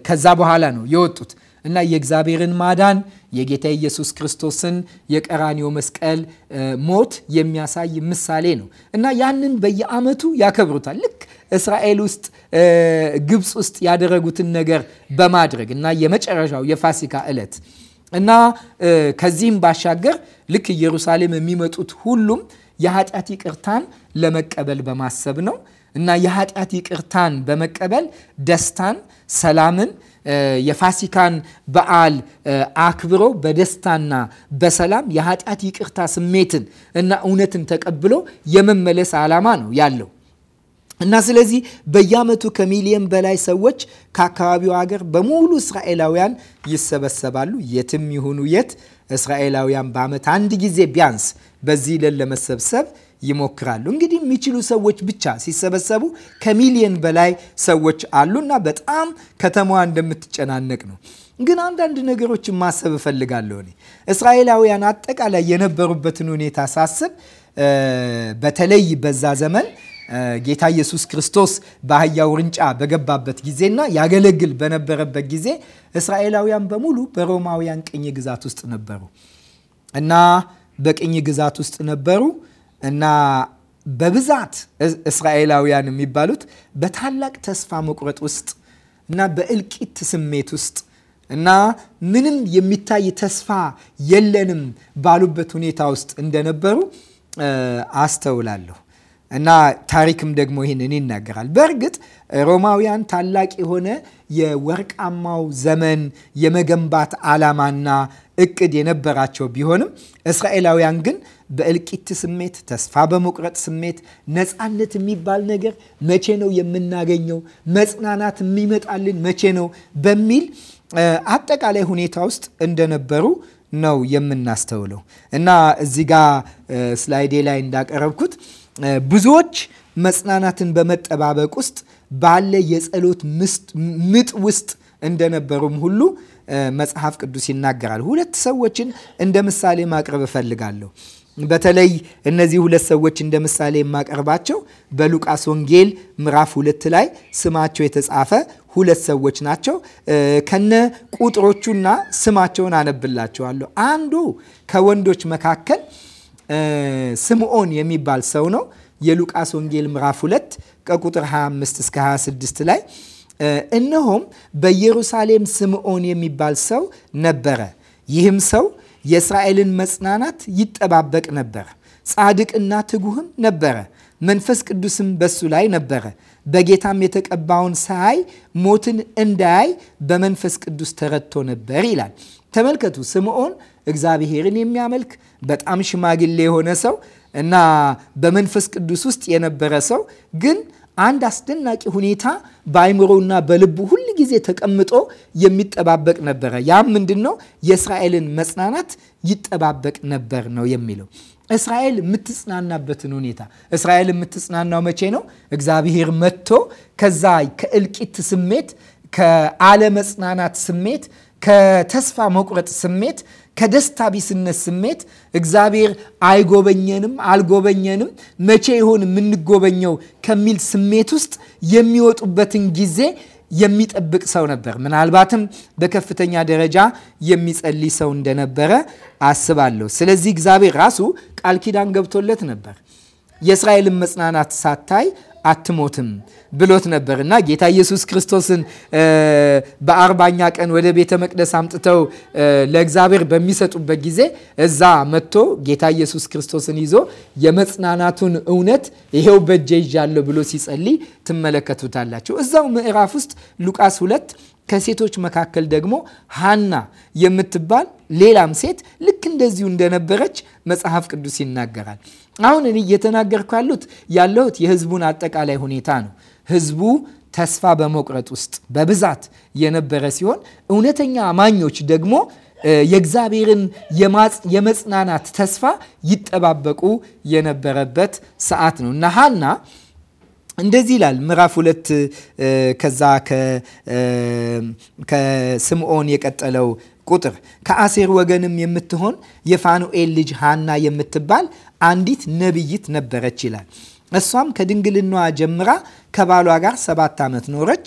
ከዛ በኋላ ነው የወጡት እና የእግዚአብሔርን ማዳን የጌታ ኢየሱስ ክርስቶስን የቀራኒው መስቀል ሞት የሚያሳይ ምሳሌ ነው እና ያንን በየዓመቱ ያከብሩታል ልክ እስራኤል ውስጥ ግብፅ ውስጥ ያደረጉትን ነገር በማድረግ እና የመጨረሻው የፋሲካ ዕለት እና ከዚህም ባሻገር ልክ ኢየሩሳሌም የሚመጡት ሁሉም የኃጢአት ይቅርታን ለመቀበል በማሰብ ነው እና የኃጢአት ይቅርታን በመቀበል ደስታን፣ ሰላምን የፋሲካን በዓል አክብሮ በደስታና በሰላም የኃጢአት ይቅርታ ስሜትን እና እውነትን ተቀብሎ የመመለስ ዓላማ ነው ያለው። እና ስለዚህ በየዓመቱ ከሚሊየን በላይ ሰዎች ከአካባቢው ሀገር በሙሉ እስራኤላውያን ይሰበሰባሉ። የትም ይሁኑ የት እስራኤላውያን በአመት አንድ ጊዜ ቢያንስ በዚህ ለን ለመሰብሰብ ይሞክራሉ። እንግዲህ የሚችሉ ሰዎች ብቻ ሲሰበሰቡ ከሚሊየን በላይ ሰዎች አሉና በጣም ከተማዋ እንደምትጨናነቅ ነው። ግን አንዳንድ ነገሮችን ማሰብ እፈልጋለሁ። እኔ እስራኤላውያን አጠቃላይ የነበሩበትን ሁኔታ ሳስብ በተለይ በዛ ዘመን ጌታ ኢየሱስ ክርስቶስ በአህያ ውርንጫ በገባበት ጊዜና ያገለግል በነበረበት ጊዜ እስራኤላውያን በሙሉ በሮማውያን ቅኝ ግዛት ውስጥ ነበሩ እና በቅኝ ግዛት ውስጥ ነበሩ እና በብዛት እስራኤላውያን የሚባሉት በታላቅ ተስፋ መቁረጥ ውስጥ እና በእልቂት ስሜት ውስጥ እና ምንም የሚታይ ተስፋ የለንም ባሉበት ሁኔታ ውስጥ እንደነበሩ አስተውላለሁ። እና ታሪክም ደግሞ ይህንን ይናገራል። በእርግጥ ሮማውያን ታላቅ የሆነ የወርቃማው ዘመን የመገንባት ዓላማና እቅድ የነበራቸው ቢሆንም እስራኤላውያን ግን በእልቂት ስሜት፣ ተስፋ በመቁረጥ ስሜት ነፃነት የሚባል ነገር መቼ ነው የምናገኘው? መጽናናት የሚመጣልን መቼ ነው? በሚል አጠቃላይ ሁኔታ ውስጥ እንደነበሩ ነው የምናስተውለው እና እዚህ ጋ ስላይዴ ላይ እንዳቀረብኩት ብዙዎች መጽናናትን በመጠባበቅ ውስጥ ባለ የጸሎት ምጥ ውስጥ እንደነበሩም ሁሉ መጽሐፍ ቅዱስ ይናገራል። ሁለት ሰዎችን እንደ ምሳሌ ማቅረብ እፈልጋለሁ። በተለይ እነዚህ ሁለት ሰዎች እንደ ምሳሌ የማቀርባቸው በሉቃስ ወንጌል ምዕራፍ ሁለት ላይ ስማቸው የተጻፈ ሁለት ሰዎች ናቸው። ከነ ቁጥሮቹና ስማቸውን አነብላቸዋለሁ። አንዱ ከወንዶች መካከል ስምዖን የሚባል ሰው ነው። የሉቃስ ወንጌል ምዕራፍ 2 ከቁጥር 25 እስከ 26 ላይ እነሆም በኢየሩሳሌም ስምዖን የሚባል ሰው ነበረ። ይህም ሰው የእስራኤልን መጽናናት ይጠባበቅ ነበረ። ጻድቅና ትጉህም ነበረ። መንፈስ ቅዱስም በሱ ላይ ነበረ። በጌታም የተቀባውን ሳያይ ሞትን እንዳያይ በመንፈስ ቅዱስ ተረድቶ ነበር ይላል። ተመልከቱ ስምዖን እግዚአብሔርን የሚያመልክ በጣም ሽማግሌ የሆነ ሰው እና በመንፈስ ቅዱስ ውስጥ የነበረ ሰው ግን አንድ አስደናቂ ሁኔታ በአይምሮና በልቡ ሁል ጊዜ ተቀምጦ የሚጠባበቅ ነበረ። ያም ምንድን ነው? የእስራኤልን መጽናናት ይጠባበቅ ነበር ነው የሚለው። እስራኤል የምትጽናናበትን ሁኔታ እስራኤል የምትጽናናው መቼ ነው? እግዚአብሔር መጥቶ ከዛ ከእልቂት ስሜት ከአለመጽናናት ስሜት ከተስፋ መቁረጥ ስሜት፣ ከደስታ ቢስነት ስሜት እግዚአብሔር አይጎበኘንም፣ አልጎበኘንም፣ መቼ ይሆን የምንጎበኘው ከሚል ስሜት ውስጥ የሚወጡበትን ጊዜ የሚጠብቅ ሰው ነበር። ምናልባትም በከፍተኛ ደረጃ የሚጸልይ ሰው እንደነበረ አስባለሁ። ስለዚህ እግዚአብሔር ራሱ ቃል ኪዳን ገብቶለት ነበር። የእስራኤልን መጽናናት ሳታይ አትሞትም ብሎት ነበር እና ጌታ ኢየሱስ ክርስቶስን በአርባኛ ቀን ወደ ቤተ መቅደስ አምጥተው ለእግዚአብሔር በሚሰጡበት ጊዜ እዛ መጥቶ ጌታ ኢየሱስ ክርስቶስን ይዞ የመጽናናቱን እውነት ይሄው በእጄ ይዣለሁ ብሎ ሲጸልይ ትመለከቱታላችሁ። እዛው ምዕራፍ ውስጥ ሉቃስ ሁለት ከሴቶች መካከል ደግሞ ሃና የምትባል ሌላም ሴት ልክ እንደዚሁ እንደነበረች መጽሐፍ ቅዱስ ይናገራል። አሁን እኔ እየተናገርኩ ያሉት ያለሁት የህዝቡን አጠቃላይ ሁኔታ ነው። ህዝቡ ተስፋ በመቁረጥ ውስጥ በብዛት የነበረ ሲሆን እውነተኛ አማኞች ደግሞ የእግዚአብሔርን የመጽናናት ተስፋ ይጠባበቁ የነበረበት ሰዓት ነው እና ሀና እንደዚህ ይላል ምዕራፍ ሁለት ከዛ ከስምዖን የቀጠለው ቁጥር ከአሴር ወገንም የምትሆን የፋኑኤል ልጅ ሃና የምትባል አንዲት ነቢይት ነበረች ይላል። እሷም ከድንግልናዋ ጀምራ ከባሏ ጋር ሰባት ዓመት ኖረች።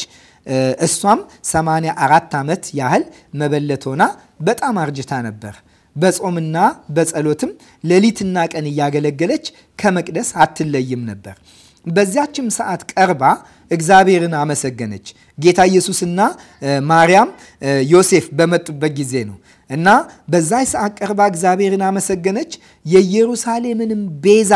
እሷም 84 ዓመት ያህል መበለት ሆና በጣም አርጅታ ነበር። በጾምና በጸሎትም ሌሊትና ቀን እያገለገለች ከመቅደስ አትለይም ነበር። በዚያችም ሰዓት ቀርባ እግዚአብሔርን አመሰገነች። ጌታ ኢየሱስና ማርያም ዮሴፍ በመጡበት ጊዜ ነው እና በዛ ሰዓት ቀርባ እግዚአብሔርን አመሰገነች። የኢየሩሳሌምንም ቤዛ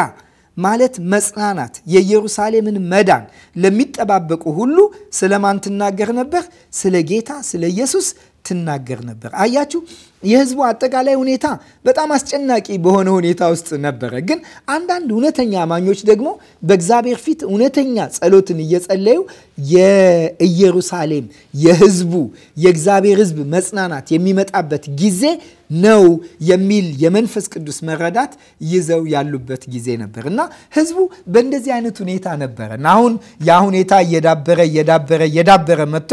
ማለት መጽናናት፣ የኢየሩሳሌምን መዳን ለሚጠባበቁ ሁሉ ስለማን ትናገር ነበር? ስለ ጌታ ስለ ኢየሱስ ትናገር ነበር። አያችሁ የህዝቡ አጠቃላይ ሁኔታ በጣም አስጨናቂ በሆነ ሁኔታ ውስጥ ነበረ። ግን አንዳንድ እውነተኛ አማኞች ደግሞ በእግዚአብሔር ፊት እውነተኛ ጸሎትን እየጸለዩ የኢየሩሳሌም የህዝቡ የእግዚአብሔር ህዝብ መጽናናት የሚመጣበት ጊዜ ነው የሚል የመንፈስ ቅዱስ መረዳት ይዘው ያሉበት ጊዜ ነበር እና ህዝቡ በእንደዚህ አይነት ሁኔታ ነበረ አሁን ያ ሁኔታ እየዳበረ እየዳበረ እየዳበረ መጥቶ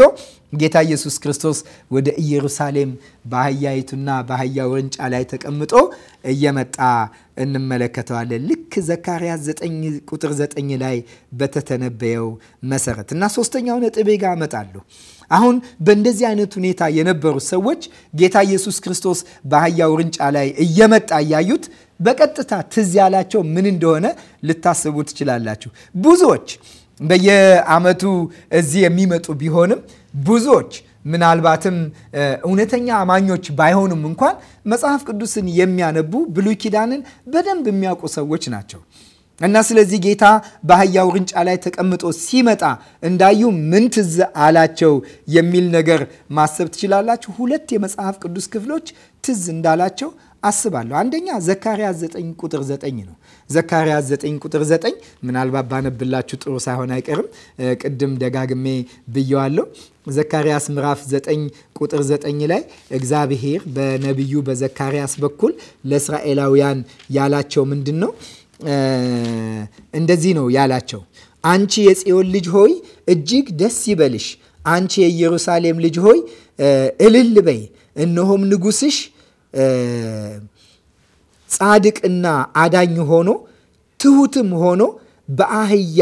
ጌታ ኢየሱስ ክርስቶስ ወደ ኢየሩሳሌም በአህያይቱና በአህያ ውርንጫ ላይ ተቀምጦ እየመጣ እንመለከተዋለን። ልክ ዘካርያስ 9 ቁጥር 9 ላይ በተተነበየው መሰረት እና ሶስተኛው ነጥቤ ጋር እመጣለሁ። አሁን በእንደዚህ አይነት ሁኔታ የነበሩ ሰዎች ጌታ ኢየሱስ ክርስቶስ በአህያ ውርንጫ ላይ እየመጣ እያዩት በቀጥታ ትዝ ያላቸው ምን እንደሆነ ልታስቡ ትችላላችሁ። ብዙዎች በየአመቱ እዚህ የሚመጡ ቢሆንም ብዙዎች ምናልባትም እውነተኛ አማኞች ባይሆኑም እንኳን መጽሐፍ ቅዱስን የሚያነቡ ብሉይ ኪዳንን በደንብ የሚያውቁ ሰዎች ናቸው እና ስለዚህ ጌታ በአህያ ውርንጫ ላይ ተቀምጦ ሲመጣ እንዳዩ ምን ትዝ አላቸው የሚል ነገር ማሰብ ትችላላችሁ። ሁለት የመጽሐፍ ቅዱስ ክፍሎች ትዝ እንዳላቸው አስባለሁ። አንደኛ ዘካርያስ 9 ቁጥር 9 ነው። ዘካርያስ 9 ቁጥር 9 ምናልባት ባነብላችሁ ጥሩ ሳይሆን አይቀርም። ቅድም ደጋግሜ ብየዋለሁ። ዘካርያስ ምዕራፍ 9 ቁጥር 9 ላይ እግዚአብሔር በነቢዩ በዘካርያስ በኩል ለእስራኤላውያን ያላቸው ምንድን ነው? እንደዚህ ነው ያላቸው። አንቺ የጽዮን ልጅ ሆይ እጅግ ደስ ይበልሽ፣ አንቺ የኢየሩሳሌም ልጅ ሆይ እልል በይ፣ እነሆም ንጉስሽ? ጻድቅና አዳኝ ሆኖ ትሁትም ሆኖ በአህያ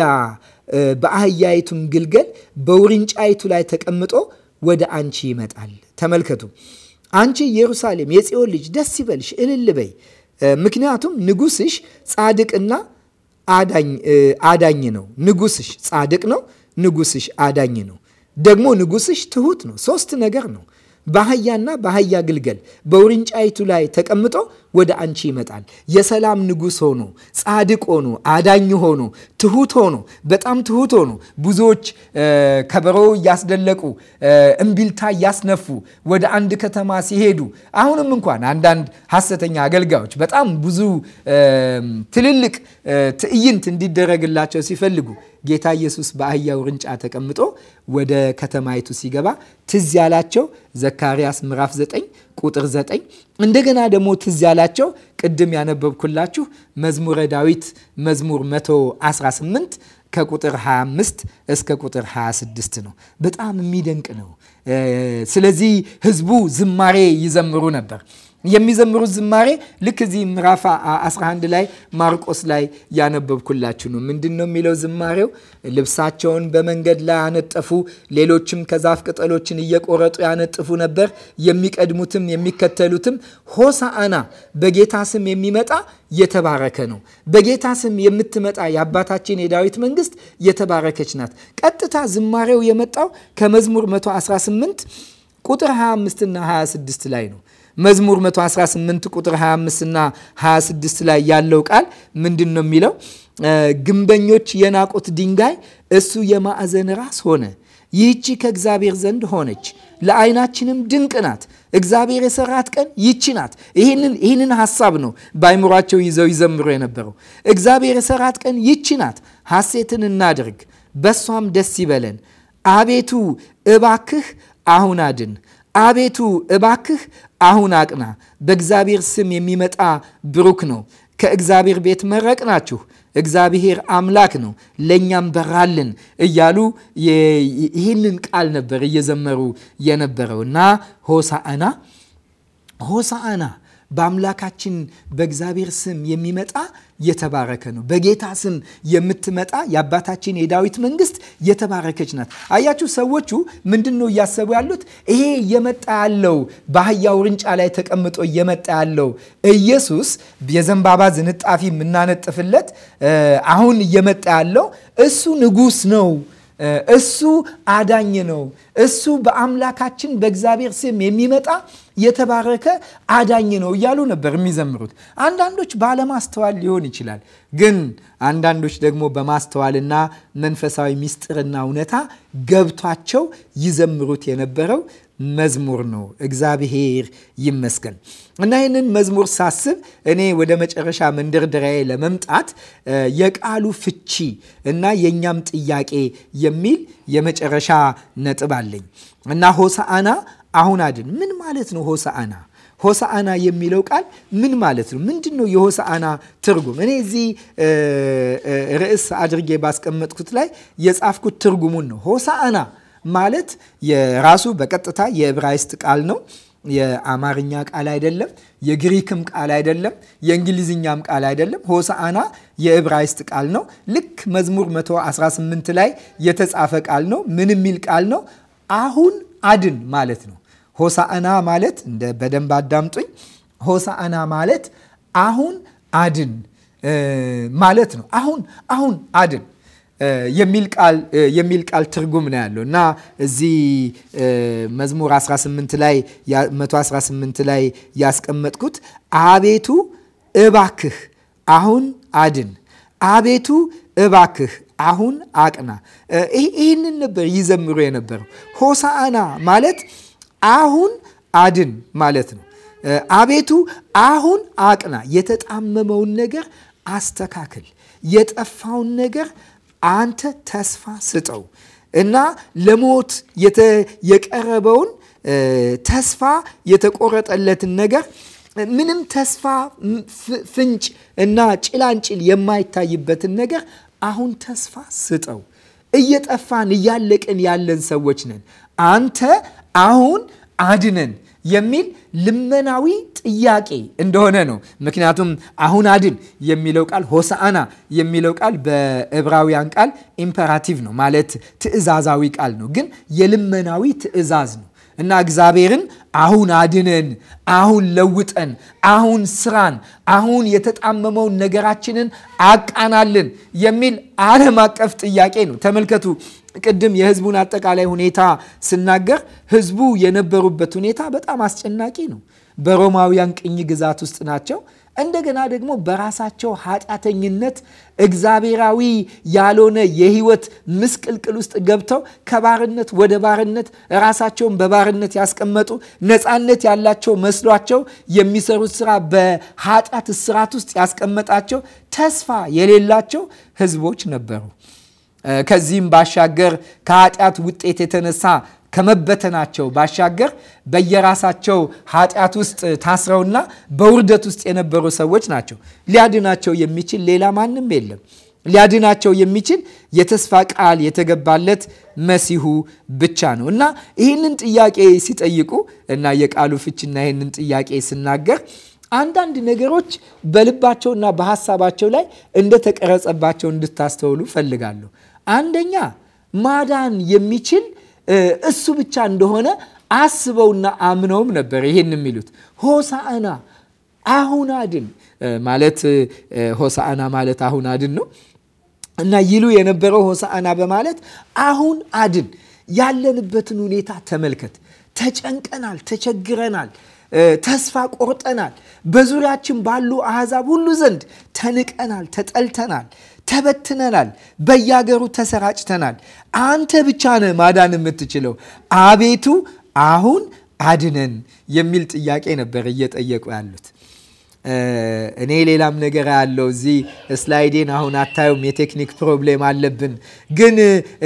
በአህያይቱም ግልገል በውርንጫይቱ ላይ ተቀምጦ ወደ አንቺ ይመጣል። ተመልከቱ። አንቺ ኢየሩሳሌም የጽዮን ልጅ ደስ ይበልሽ፣ እልል በይ፣ ምክንያቱም ንጉስሽ ጻድቅና አዳኝ ነው። ንጉስሽ ጻድቅ ነው። ንጉስሽ አዳኝ ነው። ደግሞ ንጉስሽ ትሁት ነው። ሶስት ነገር ነው። በአህያና በአህያ ግልገል በውርንጫይቱ ላይ ተቀምጦ ወደ አንቺ ይመጣል። የሰላም ንጉሥ ሆኖ ጻድቅ ሆኖ አዳኝ ሆኖ ትሁት ሆኖ በጣም ትሁት ሆኖ ብዙዎች ከበሮ እያስደለቁ እምቢልታ እያስነፉ ወደ አንድ ከተማ ሲሄዱ አሁንም እንኳን አንዳንድ ሐሰተኛ አገልጋዮች በጣም ብዙ ትልልቅ ትዕይንት እንዲደረግላቸው ሲፈልጉ ጌታ ኢየሱስ በአህያ ውርንጫ ተቀምጦ ወደ ከተማይቱ ሲገባ ትዝ ያላቸው ዘካርያስ ምዕራፍ 9 ቁጥር 9 እንደገና ደግሞ ትዝ ያላቸው ቅድም ያነበብኩላችሁ መዝሙረ ዳዊት መዝሙር 118 ከቁጥር 25 እስከ ቁጥር 26 ነው። በጣም የሚደንቅ ነው። ስለዚህ ህዝቡ ዝማሬ ይዘምሩ ነበር። የሚዘምሩት ዝማሬ ልክ እዚህ ምዕራፍ 11 ላይ ማርቆስ ላይ ያነበብኩላችሁ ነው። ምንድን ነው የሚለው ዝማሬው? ልብሳቸውን በመንገድ ላይ አነጠፉ ሌሎችም ከዛፍ ቅጠሎችን እየቆረጡ ያነጥፉ ነበር። የሚቀድሙትም የሚከተሉትም ሆሳአና በጌታ ስም የሚመጣ የተባረከ ነው። በጌታ ስም የምትመጣ የአባታችን የዳዊት መንግስት የተባረከች ናት። ቀጥታ ዝማሬው የመጣው ከመዝሙር 118 ቁጥር 25 ና 26 ላይ ነው። መዝሙር 118 ቁጥር 25 እና 26 ላይ ያለው ቃል ምንድን ነው የሚለው? ግንበኞች የናቁት ድንጋይ እሱ የማዕዘን ራስ ሆነ። ይህቺ ከእግዚአብሔር ዘንድ ሆነች፣ ለዓይናችንም ድንቅ ናት። እግዚአብሔር የሰራት ቀን ይቺ ናት። ይህንን ሀሳብ ነው በአይምሯቸው ይዘው ይዘምሩ የነበረው። እግዚአብሔር የሰራት ቀን ይቺ ናት፣ ሐሴትን እናድርግ፣ በሷም ደስ ይበለን። አቤቱ እባክህ አሁን አድን አቤቱ እባክህ አሁን አቅና፣ በእግዚአብሔር ስም የሚመጣ ብሩክ ነው። ከእግዚአብሔር ቤት መረቅ ናችሁ እግዚአብሔር አምላክ ነው፣ ለእኛም በራልን እያሉ ይህንን ቃል ነበር እየዘመሩ የነበረው እና ሆሳዕና ሆሳዕና በአምላካችን በእግዚአብሔር ስም የሚመጣ የተባረከ ነው። በጌታ ስም የምትመጣ የአባታችን የዳዊት መንግስት የተባረከች ናት። አያችሁ ሰዎቹ ምንድን ነው እያሰቡ ያሉት? ይሄ እየመጣ ያለው በአህያ ውርንጫ ላይ ተቀምጦ እየመጣ ያለው ኢየሱስ የዘንባባ ዝንጣፊ የምናነጥፍለት አሁን እየመጣ ያለው እሱ ንጉስ ነው እሱ አዳኝ ነው። እሱ በአምላካችን በእግዚአብሔር ስም የሚመጣ የተባረከ አዳኝ ነው እያሉ ነበር የሚዘምሩት። አንዳንዶች ባለማስተዋል ሊሆን ይችላል፣ ግን አንዳንዶች ደግሞ በማስተዋልና መንፈሳዊ ምስጢርና እውነታ ገብቷቸው ይዘምሩት የነበረው መዝሙር ነው። እግዚአብሔር ይመስገን እና ይህንን መዝሙር ሳስብ እኔ ወደ መጨረሻ መንደርደሪያዬ ለመምጣት የቃሉ ፍቺ እና የእኛም ጥያቄ የሚል የመጨረሻ ነጥብ አለኝ እና ሆሳአና አሁን አድን ምን ማለት ነው? ሆሳአና ሆሳአና የሚለው ቃል ምን ማለት ነው? ምንድን ነው የሆሳአና ትርጉም? እኔ እዚህ ርዕስ አድርጌ ባስቀመጥኩት ላይ የጻፍኩት ትርጉሙን ነው ሆሳአና ማለት የራሱ በቀጥታ የዕብራይስጥ ቃል ነው። የአማርኛ ቃል አይደለም። የግሪክም ቃል አይደለም። የእንግሊዝኛም ቃል አይደለም። ሆሳአና የዕብራይስጥ ቃል ነው። ልክ መዝሙር 118 ላይ የተጻፈ ቃል ነው። ምን የሚል ቃል ነው? አሁን አድን ማለት ነው። ሆሳአና ማለት እንደ በደንብ አዳምጡኝ። ሆሳአና ማለት አሁን አድን ማለት ነው። አሁን አሁን አድን የሚል ቃል ትርጉም ነው ያለው እና እዚህ መዝሙር 18 ላይ 118 ላይ ያስቀመጥኩት አቤቱ እባክህ አሁን አድን፣ አቤቱ እባክህ አሁን አቅና። ይህንን ነበር ይዘምሩ የነበረው። ሆሳአና ማለት አሁን አድን ማለት ነው። አቤቱ አሁን አቅና፣ የተጣመመውን ነገር አስተካክል፣ የጠፋውን ነገር አንተ ተስፋ ስጠው እና ለሞት የቀረበውን ተስፋ የተቆረጠለትን ነገር ምንም ተስፋ ፍንጭ እና ጭላንጭል የማይታይበትን ነገር አሁን ተስፋ ስጠው። እየጠፋን እያለቅን ያለን ሰዎች ነን። አንተ አሁን አድነን የሚል ልመናዊ ጥያቄ እንደሆነ ነው። ምክንያቱም አሁን አድን የሚለው ቃል ሆሳአና የሚለው ቃል በዕብራውያን ቃል ኢምፐራቲቭ ነው ማለት ትዕዛዛዊ ቃል ነው፣ ግን የልመናዊ ትዕዛዝ ነው እና እግዚአብሔርን አሁን አድነን፣ አሁን ለውጠን፣ አሁን ስራን፣ አሁን የተጣመመውን ነገራችንን አቃናልን የሚል ዓለም አቀፍ ጥያቄ ነው። ተመልከቱ ቅድም የህዝቡን አጠቃላይ ሁኔታ ስናገር ህዝቡ የነበሩበት ሁኔታ በጣም አስጨናቂ ነው። በሮማውያን ቅኝ ግዛት ውስጥ ናቸው። እንደገና ደግሞ በራሳቸው ኃጢአተኝነት እግዚአብሔራዊ ያልሆነ የህይወት ምስቅልቅል ውስጥ ገብተው ከባርነት ወደ ባርነት ራሳቸውን በባርነት ያስቀመጡ ነፃነት ያላቸው መስሏቸው የሚሰሩት ስራ በኃጢአት እስራት ውስጥ ያስቀመጣቸው ተስፋ የሌላቸው ህዝቦች ነበሩ። ከዚህም ባሻገር ከኃጢአት ውጤት የተነሳ ከመበተናቸው ባሻገር በየራሳቸው ኃጢአት ውስጥ ታስረውና በውርደት ውስጥ የነበሩ ሰዎች ናቸው። ሊያድናቸው የሚችል ሌላ ማንም የለም። ሊያድናቸው የሚችል የተስፋ ቃል የተገባለት መሲሁ ብቻ ነው እና ይህንን ጥያቄ ሲጠይቁ እና የቃሉ ፍችና ይህንን ጥያቄ ስናገር አንዳንድ ነገሮች በልባቸውና በሀሳባቸው ላይ እንደተቀረጸባቸው እንድታስተውሉ ፈልጋለሁ። አንደኛ ማዳን የሚችል እሱ ብቻ እንደሆነ አስበውና አምነውም ነበር ይሄን የሚሉት ሆሳዕና አሁን አድን ማለት ሆሳዕና ማለት አሁን አድን ነው እና ይሉ የነበረው ሆሳዕና በማለት አሁን አድን፣ ያለንበትን ሁኔታ ተመልከት። ተጨንቀናል፣ ተቸግረናል፣ ተስፋ ቆርጠናል፣ በዙሪያችን ባሉ አሕዛብ ሁሉ ዘንድ ተንቀናል፣ ተጠልተናል ተበትነናል፣ በያገሩ ተሰራጭተናል። አንተ ብቻ ነህ ማዳን የምትችለው አቤቱ አሁን አድነን የሚል ጥያቄ ነበር እየጠየቁ ያሉት። እኔ ሌላም ነገር ያለው እዚህ ስላይዴን አሁን አታዩም። የቴክኒክ ፕሮብሌም አለብን። ግን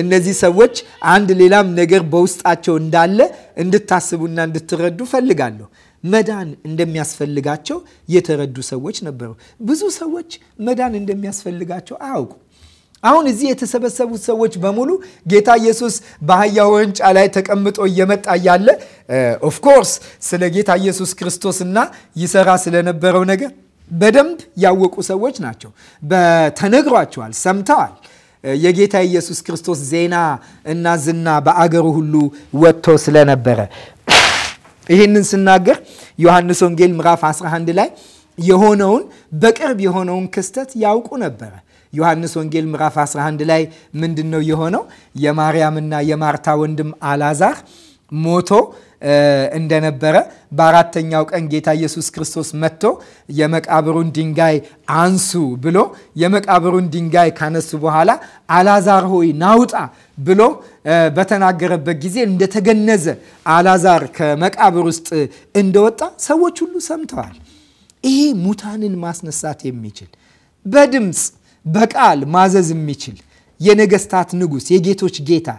እነዚህ ሰዎች አንድ ሌላም ነገር በውስጣቸው እንዳለ እንድታስቡና እንድትረዱ ፈልጋለሁ። መዳን እንደሚያስፈልጋቸው የተረዱ ሰዎች ነበሩ። ብዙ ሰዎች መዳን እንደሚያስፈልጋቸው አያውቁ። አሁን እዚህ የተሰበሰቡት ሰዎች በሙሉ ጌታ ኢየሱስ በአህያ ወንጫ ላይ ተቀምጦ እየመጣ ያለ ኦፍኮርስ ስለ ጌታ ኢየሱስ ክርስቶስና ይሰራ ስለነበረው ነገር በደንብ ያወቁ ሰዎች ናቸው። ተነግሯቸዋል፣ ሰምተዋል። የጌታ ኢየሱስ ክርስቶስ ዜና እና ዝና በአገሩ ሁሉ ወጥቶ ስለነበረ ይህንን ስናገር ዮሐንስ ወንጌል ምዕራፍ 11 ላይ የሆነውን በቅርብ የሆነውን ክስተት ያውቁ ነበረ። ዮሐንስ ወንጌል ምዕራፍ 11 ላይ ምንድን ነው የሆነው? የማርያምና የማርታ ወንድም አላዛር ሞቶ እንደነበረ በአራተኛው ቀን ጌታ ኢየሱስ ክርስቶስ መጥቶ የመቃብሩን ድንጋይ አንሱ ብሎ የመቃብሩን ድንጋይ ካነሱ በኋላ አላዛር ሆይ ናውጣ ብሎ በተናገረበት ጊዜ እንደተገነዘ አላዛር ከመቃብር ውስጥ እንደወጣ ሰዎች ሁሉ ሰምተዋል። ይሄ ሙታንን ማስነሳት የሚችል በድምፅ በቃል ማዘዝ የሚችል የነገስታት ንጉስ የጌቶች ጌታ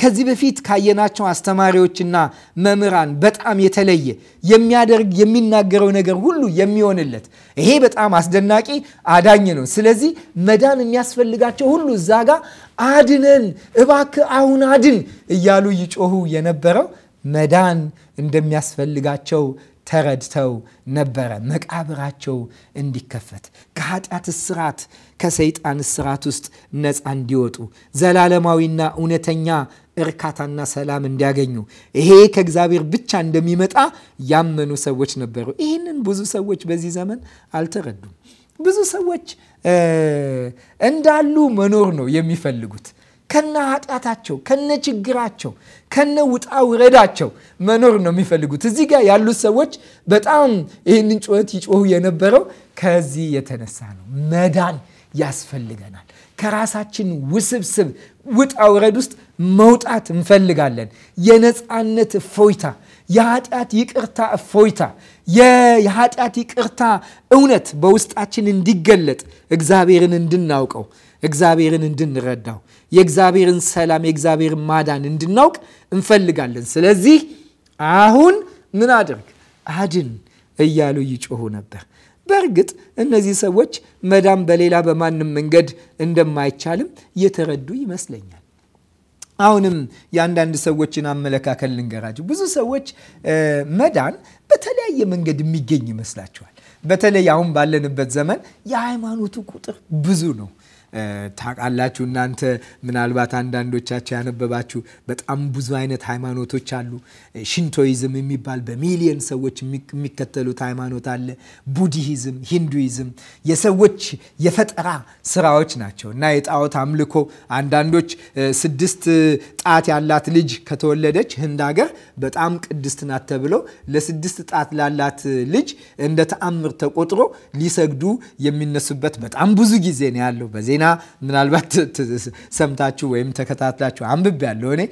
ከዚህ በፊት ካየናቸው አስተማሪዎችና መምህራን በጣም የተለየ የሚያደርግ የሚናገረው ነገር ሁሉ የሚሆንለት ይሄ በጣም አስደናቂ አዳኝ ነው። ስለዚህ መዳን የሚያስፈልጋቸው ሁሉ እዛ ጋ አድነን፣ እባክ አሁን አድን እያሉ ይጮሁ የነበረው መዳን እንደሚያስፈልጋቸው ተረድተው ነበረ። መቃብራቸው እንዲከፈት ከኃጢአት እስራት ከሰይጣን እስራት ውስጥ ነፃ እንዲወጡ ዘላለማዊና እውነተኛ እርካታና ሰላም እንዲያገኙ ይሄ ከእግዚአብሔር ብቻ እንደሚመጣ ያመኑ ሰዎች ነበሩ። ይህንን ብዙ ሰዎች በዚህ ዘመን አልተረዱም። ብዙ ሰዎች እንዳሉ መኖር ነው የሚፈልጉት። ከነ ኃጢአታቸው፣ ከነ ችግራቸው፣ ከነ ውጣ ውረዳቸው መኖር ነው የሚፈልጉት። እዚህ ጋር ያሉት ሰዎች በጣም ይህንን ጩኸት ይጮሁ የነበረው ከዚህ የተነሳ ነው። መዳን ያስፈልገናል። ከራሳችን ውስብስብ ውጣ ውረድ ውስጥ መውጣት እንፈልጋለን። የነፃነት እፎይታ፣ የኃጢአት ይቅርታ እፎይታ፣ የኃጢአት ይቅርታ እውነት በውስጣችን እንዲገለጥ እግዚአብሔርን እንድናውቀው፣ እግዚአብሔርን እንድንረዳው፣ የእግዚአብሔርን ሰላም፣ የእግዚአብሔርን ማዳን እንድናውቅ እንፈልጋለን። ስለዚህ አሁን ምን አድርግ አድን እያሉ ይጮሁ ነበር። በእርግጥ እነዚህ ሰዎች መዳን በሌላ በማንም መንገድ እንደማይቻልም የተረዱ ይመስለኛል። አሁንም የአንዳንድ ሰዎችን አመለካከል ልንገራቸው። ብዙ ሰዎች መዳን በተለያየ መንገድ የሚገኝ ይመስላቸዋል። በተለይ አሁን ባለንበት ዘመን የሃይማኖቱ ቁጥር ብዙ ነው። ታውቃላችሁ እናንተ ምናልባት አንዳንዶቻቸው ያነበባችሁ በጣም ብዙ አይነት ሃይማኖቶች አሉ። ሽንቶይዝም የሚባል በሚሊየን ሰዎች የሚከተሉት ሃይማኖት አለ። ቡድሂዝም፣ ሂንዱይዝም የሰዎች የፈጠራ ስራዎች ናቸው እና የጣዖት አምልኮ አንዳንዶች ስድስት ጣት ያላት ልጅ ከተወለደች ህንድ ሀገር በጣም ቅድስት ናት ተብለው ለስድስት ጣት ላላት ልጅ እንደ ተአምር ተቆጥሮ ሊሰግዱ የሚነሱበት በጣም ብዙ ጊዜ ነው ያለው በዜና ምናልባት ሰምታችሁ ወይም ተከታትላችሁ አንብቤያለሁ እኔ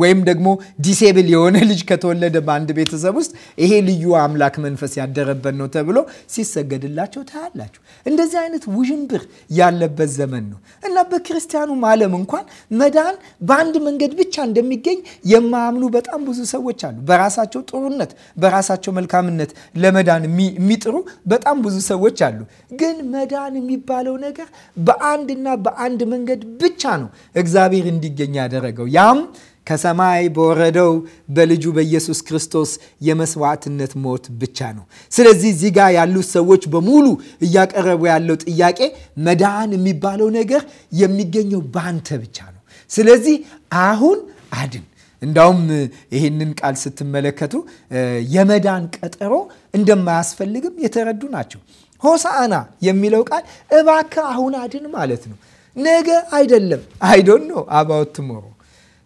ወይም ደግሞ ዲሴብል የሆነ ልጅ ከተወለደ በአንድ ቤተሰብ ውስጥ ይሄ ልዩ አምላክ መንፈስ ያደረበት ነው ተብሎ ሲሰገድላቸው ታያላችሁ። እንደዚህ አይነት ውዥንብር ያለበት ዘመን ነው እና በክርስቲያኑ ዓለም እንኳን መዳን በአንድ መንገድ ብቻ እንደሚገኝ የማያምኑ በጣም ብዙ ሰዎች አሉ። በራሳቸው ጥሩነት፣ በራሳቸው መልካምነት ለመዳን የሚጥሩ በጣም ብዙ ሰዎች አሉ። ግን መዳን የሚባለው ነገር በአንድና በአንድ መንገድ ብቻ ነው እግዚአብሔር እንዲገኝ ያደረገው ያም ከሰማይ በወረደው በልጁ በኢየሱስ ክርስቶስ የመስዋዕትነት ሞት ብቻ ነው። ስለዚህ እዚህ ጋር ያሉት ሰዎች በሙሉ እያቀረቡ ያለው ጥያቄ መዳን የሚባለው ነገር የሚገኘው በአንተ ብቻ ነው። ስለዚህ አሁን አድን። እንዳውም ይህንን ቃል ስትመለከቱ የመዳን ቀጠሮ እንደማያስፈልግም የተረዱ ናቸው። ሆሳአና የሚለው ቃል እባክህ አሁን አድን ማለት ነው። ነገ አይደለም አይዶን ነው አባውት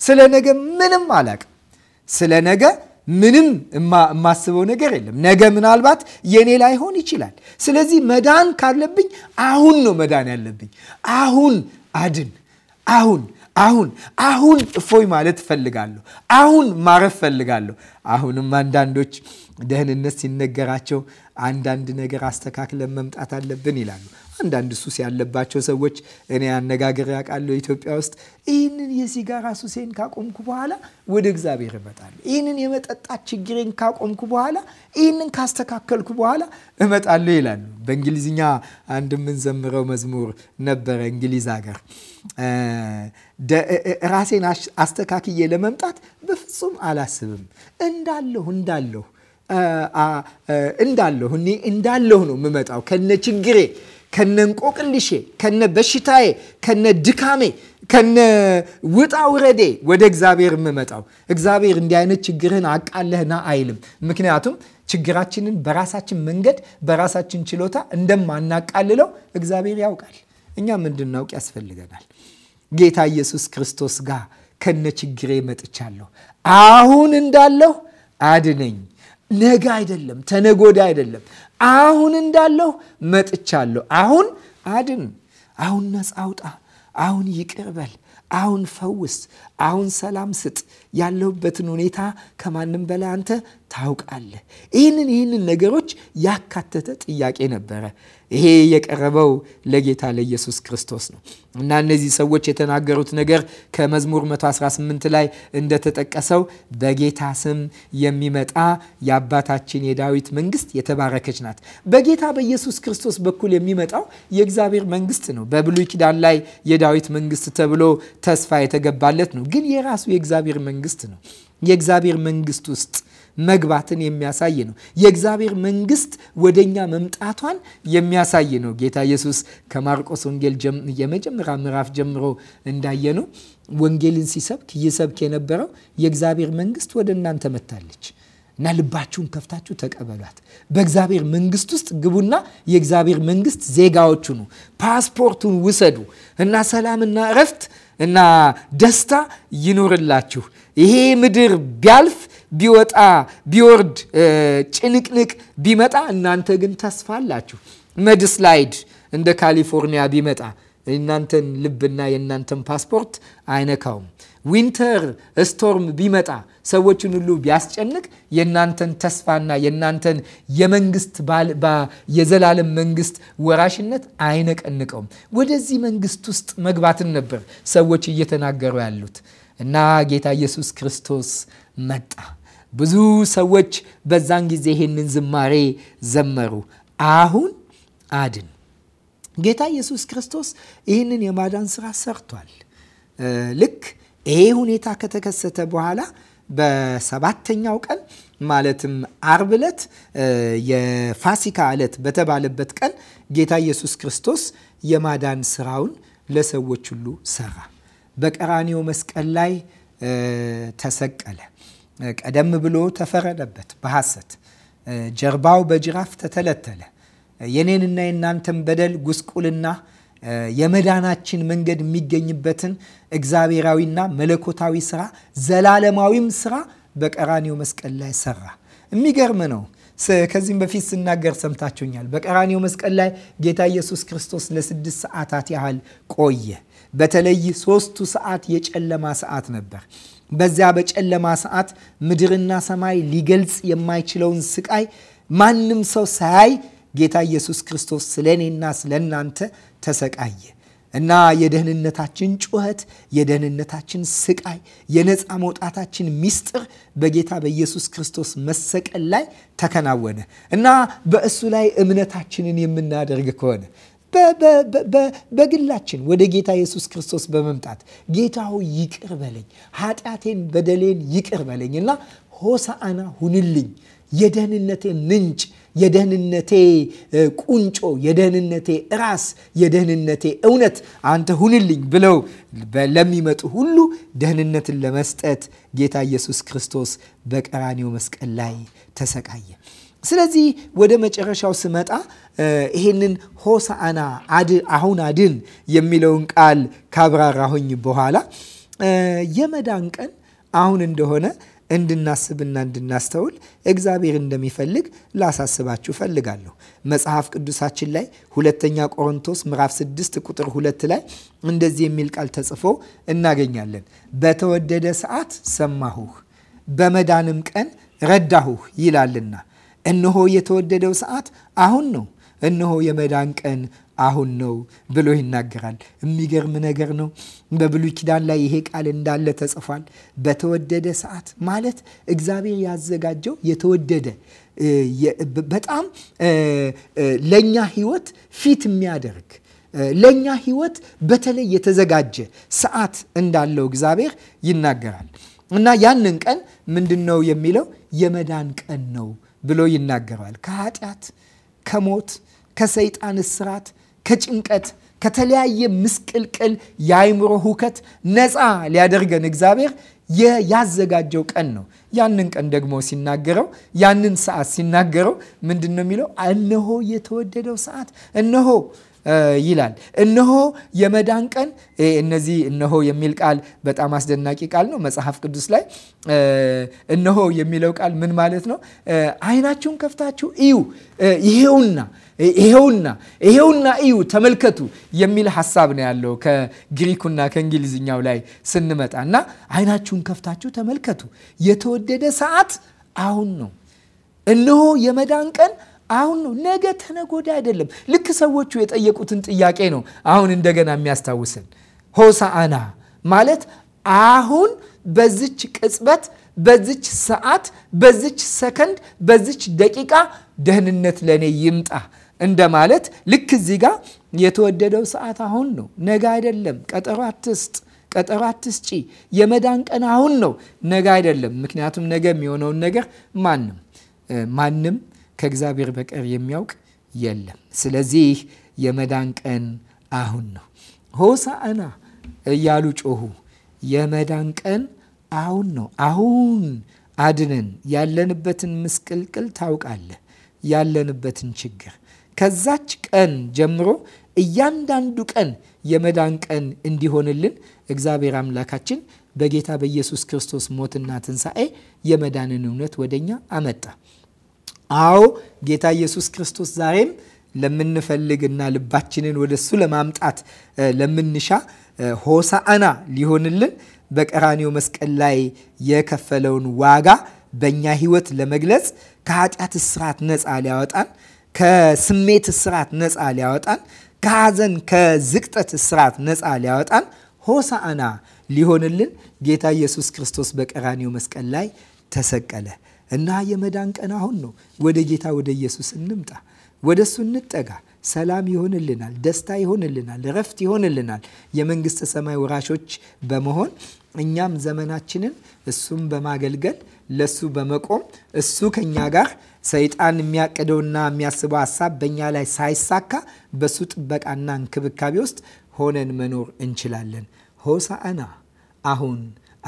ስለ ነገ ምንም አላቅም። ስለ ነገ ምንም የማስበው ነገር የለም። ነገ ምናልባት የኔ ላይሆን ይችላል። ስለዚህ መዳን ካለብኝ አሁን ነው መዳን ያለብኝ። አሁን አድን፣ አሁን አሁን አሁን እፎይ ማለት ፈልጋለሁ። አሁን ማረፍ ፈልጋለሁ። አሁንም አንዳንዶች ደህንነት ሲነገራቸው አንዳንድ ነገር አስተካክለን መምጣት አለብን ይላሉ። አንዳንድ ሱስ ያለባቸው ሰዎች እኔ አነጋገር ያውቃለሁ ኢትዮጵያ ውስጥ ይህንን የሲጋራ ሱሴን ካቆምኩ በኋላ ወደ እግዚአብሔር እመጣለሁ፣ ይህንን የመጠጣት ችግሬን ካቆምኩ በኋላ፣ ይህንን ካስተካከልኩ በኋላ እመጣለሁ ይላሉ። በእንግሊዝኛ አንድ የምንዘምረው መዝሙር ነበረ እንግሊዝ ሀገር ራሴን አስተካክዬ ለመምጣት በፍጹም አላስብም እንዳለሁ እንዳለሁ እንዳለሁ እኔ እንዳለሁ ነው የምመጣው ከነ ችግሬ ከነ እንቆቅልሼ፣ ከነ በሽታዬ፣ ከነ ድካሜ፣ ከነ ውጣ ውረዴ ወደ እግዚአብሔር የምመጣው። እግዚአብሔር እንዲህ አይነት ችግርህን አቃለህና አይልም። ምክንያቱም ችግራችንን በራሳችን መንገድ በራሳችን ችሎታ እንደማናቃልለው እግዚአብሔር ያውቃል። እኛም እንድናውቅ ያስፈልገናል። ጌታ ኢየሱስ ክርስቶስ ጋር ከነ ችግሬ መጥቻለሁ። አሁን እንዳለሁ አድነኝ ነገ አይደለም፣ ተነጎዳ አይደለም፣ አሁን እንዳለሁ መጥቻለሁ። አሁን አድን፣ አሁን ነፃ አውጣ፣ አሁን ይቅር በል፣ አሁን ፈውስ፣ አሁን ሰላም ስጥ። ያለሁበትን ሁኔታ ከማንም በላይ አንተ ታውቃለህ? ይህንን ይህንን ነገሮች ያካተተ ጥያቄ ነበረ። ይሄ የቀረበው ለጌታ ለኢየሱስ ክርስቶስ ነው እና እነዚህ ሰዎች የተናገሩት ነገር ከመዝሙር 118 ላይ እንደተጠቀሰው በጌታ ስም የሚመጣ የአባታችን የዳዊት መንግስት የተባረከች ናት። በጌታ በኢየሱስ ክርስቶስ በኩል የሚመጣው የእግዚአብሔር መንግስት ነው። በብሉይ ኪዳን ላይ የዳዊት መንግስት ተብሎ ተስፋ የተገባለት ነው። ግን የራሱ የእግዚአብሔር መንግስት ነው። የእግዚአብሔር መንግስት ውስጥ መግባትን የሚያሳይ ነው። የእግዚአብሔር መንግስት ወደኛ መምጣቷን የሚያሳይ ነው። ጌታ ኢየሱስ ከማርቆስ ወንጌል የመጀመሪያ ምዕራፍ ጀምሮ ነው ወንጌልን ሲሰብክ ይሰብክ የነበረው የእግዚአብሔር መንግስት ወደ እናንተ መጥታለች እና ልባችሁን ከፍታችሁ ተቀበሏት። በእግዚአብሔር መንግስት ውስጥ ግቡና የእግዚአብሔር መንግስት ዜጋዎቹ ነው። ፓስፖርቱን ውሰዱ እና ሰላምና እረፍት እና ደስታ ይኖርላችሁ። ይሄ ምድር ቢያልፍ ቢወጣ ቢወርድ ጭንቅንቅ ቢመጣ እናንተ ግን ተስፋ አላችሁ። መድስላይድ እንደ ካሊፎርኒያ ቢመጣ የእናንተን ልብና የእናንተን ፓስፖርት አይነካውም። ዊንተር ስቶርም ቢመጣ ሰዎችን ሁሉ ቢያስጨንቅ የእናንተን ተስፋና የእናንተን የመንግስት የዘላለም መንግስት ወራሽነት አይነቀንቀውም። ወደዚህ መንግስት ውስጥ መግባትን ነበር ሰዎች እየተናገሩ ያሉት እና ጌታ ኢየሱስ ክርስቶስ መጣ። ብዙ ሰዎች በዛን ጊዜ ይህንን ዝማሬ ዘመሩ። አሁን አድን። ጌታ ኢየሱስ ክርስቶስ ይህንን የማዳን ስራ ሰርቷል። ልክ ይሄ ሁኔታ ከተከሰተ በኋላ በሰባተኛው ቀን ማለትም አርብ ዕለት የፋሲካ ዕለት በተባለበት ቀን ጌታ ኢየሱስ ክርስቶስ የማዳን ስራውን ለሰዎች ሁሉ ሰራ። በቀራኒው መስቀል ላይ ተሰቀለ። ቀደም ብሎ ተፈረደበት በሐሰት ጀርባው በጅራፍ ተተለተለ። የኔንና የእናንተን በደል፣ ጉስቁልና የመዳናችን መንገድ የሚገኝበትን እግዚአብሔራዊና መለኮታዊ ስራ ዘላለማዊም ስራ በቀራኒው መስቀል ላይ ሰራ። የሚገርም ነው። ከዚህም በፊት ስናገር ሰምታችሁኛል። በቀራኒው መስቀል ላይ ጌታ ኢየሱስ ክርስቶስ ለስድስት ሰዓታት ያህል ቆየ። በተለይ ሶስቱ ሰዓት የጨለማ ሰዓት ነበር። በዚያ በጨለማ ሰዓት ምድርና ሰማይ ሊገልጽ የማይችለውን ስቃይ ማንም ሰው ሳያይ ጌታ ኢየሱስ ክርስቶስ ስለ እኔና ስለ እናንተ ተሰቃየ እና የደህንነታችን ጩኸት፣ የደህንነታችን ስቃይ፣ የነፃ መውጣታችን ሚስጥር በጌታ በኢየሱስ ክርስቶስ መሰቀል ላይ ተከናወነ እና በእሱ ላይ እምነታችንን የምናደርግ ከሆነ በግላችን ወደ ጌታ ኢየሱስ ክርስቶስ በመምጣት ጌታ ሆይ ይቅር በለኝ፣ ኃጢአቴን በደሌን ይቅር በለኝ እና ሆሳአና ሁንልኝ፣ የደህንነቴ ምንጭ፣ የደህንነቴ ቁንጮ፣ የደህንነቴ ራስ፣ የደህንነቴ እውነት አንተ ሁንልኝ ብለው ለሚመጡ ሁሉ ደህንነትን ለመስጠት ጌታ ኢየሱስ ክርስቶስ በቀራኒው መስቀል ላይ ተሰቃየ። ስለዚህ ወደ መጨረሻው ስመጣ ይሄንን ሆሳአና አሁን አድን የሚለውን ቃል ካብራራሁኝ በኋላ የመዳን ቀን አሁን እንደሆነ እንድናስብና እንድናስተውል እግዚአብሔር እንደሚፈልግ ላሳስባችሁ ፈልጋለሁ። መጽሐፍ ቅዱሳችን ላይ ሁለተኛ ቆሮንቶስ ምዕራፍ 6 ቁጥር ሁለት ላይ እንደዚህ የሚል ቃል ተጽፎ እናገኛለን። በተወደደ ሰዓት ሰማሁህ፣ በመዳንም ቀን ረዳሁህ ይላልና እነሆ የተወደደው ሰዓት አሁን ነው እነሆ የመዳን ቀን አሁን ነው ብሎ ይናገራል። የሚገርም ነገር ነው። በብሉይ ኪዳን ላይ ይሄ ቃል እንዳለ ተጽፏል። በተወደደ ሰዓት ማለት እግዚአብሔር ያዘጋጀው የተወደደ በጣም ለእኛ ሕይወት ፊት የሚያደርግ ለእኛ ሕይወት በተለይ የተዘጋጀ ሰዓት እንዳለው እግዚአብሔር ይናገራል እና ያንን ቀን ምንድን ነው የሚለው የመዳን ቀን ነው ብሎ ይናገረዋል ከኃጢአት ከሞት ከሰይጣን እስራት፣ ከጭንቀት፣ ከተለያየ ምስቅልቅል የአይምሮ ሁከት ነፃ ሊያደርገን እግዚአብሔር ያዘጋጀው ቀን ነው። ያንን ቀን ደግሞ ሲናገረው ያንን ሰዓት ሲናገረው ምንድን ነው የሚለው? እነሆ የተወደደው ሰዓት፣ እነሆ ይላል። እነሆ የመዳን ቀን እነዚህ እነሆ የሚል ቃል በጣም አስደናቂ ቃል ነው መጽሐፍ ቅዱስ ላይ እነሆ የሚለው ቃል ምን ማለት ነው? አይናችሁን ከፍታችሁ እዩ፣ ይሄውና ይሄውና ይሄውና እዩ ተመልከቱ የሚል ሀሳብ ነው ያለው ከግሪኩና ከእንግሊዝኛው ላይ ስንመጣ እና አይናችሁን ከፍታችሁ ተመልከቱ የተወደደ ሰዓት አሁን ነው። እነሆ የመዳን ቀን አሁን ነው፣ ነገ ተነጎዳ አይደለም። ልክ ሰዎቹ የጠየቁትን ጥያቄ ነው አሁን እንደገና የሚያስታውስን። ሆሳአና ማለት አሁን በዚች ቅጽበት፣ በዚች ሰዓት፣ በዚች ሰከንድ፣ በዚች ደቂቃ ደህንነት ለእኔ ይምጣ እንደማለት ልክ እዚህ ጋር የተወደደው ሰዓት አሁን ነው፣ ነገ አይደለም። ቀጠሮ አትስጥ ቀጠሮ አትስጪ። የመዳን ቀን አሁን ነው፣ ነገ አይደለም። ምክንያቱም ነገ የሚሆነውን ነገር ማንም ማንም ከእግዚአብሔር በቀር የሚያውቅ የለም። ስለዚህ የመዳን ቀን አሁን ነው። ሆሳዕና እያሉ ጮሁ። የመዳን ቀን አሁን ነው። አሁን አድነን። ያለንበትን ምስቅልቅል ታውቃለህ፣ ያለንበትን ችግር። ከዛች ቀን ጀምሮ እያንዳንዱ ቀን የመዳን ቀን እንዲሆንልን እግዚአብሔር አምላካችን በጌታ በኢየሱስ ክርስቶስ ሞትና ትንሣኤ የመዳንን እውነት ወደኛ አመጣ። አዎ ጌታ ኢየሱስ ክርስቶስ ዛሬም ለምንፈልግና ልባችንን ወደ እሱ ለማምጣት ለምንሻ ሆሳአና ሊሆንልን በቀራኒው መስቀል ላይ የከፈለውን ዋጋ በእኛ ህይወት ለመግለጽ ከኃጢአት እስራት ነፃ ሊያወጣን፣ ከስሜት እስራት ነፃ ሊያወጣን፣ ከሐዘን ከዝቅጠት እስራት ነፃ ሊያወጣን ሆሳአና ሊሆንልን ጌታ ኢየሱስ ክርስቶስ በቀራኒው መስቀል ላይ ተሰቀለ። እና የመዳን ቀን አሁን ነው። ወደ ጌታ ወደ ኢየሱስ እንምጣ። ወደ እሱ እንጠጋ። ሰላም ይሆንልናል፣ ደስታ ይሆንልናል፣ ረፍት ይሆንልናል። የመንግስተ ሰማይ ወራሾች በመሆን እኛም ዘመናችንን እሱም በማገልገል ለሱ በመቆም እሱ ከኛ ጋር ሰይጣን የሚያቅደውና የሚያስበው ሀሳብ በእኛ ላይ ሳይሳካ በሱ ጥበቃና እንክብካቤ ውስጥ ሆነን መኖር እንችላለን። ሆሳዕና አሁን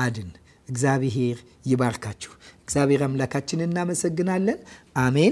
አድን። እግዚአብሔር ይባርካችሁ። እግዚአብሔር አምላካችን እናመሰግናለን። አሜን።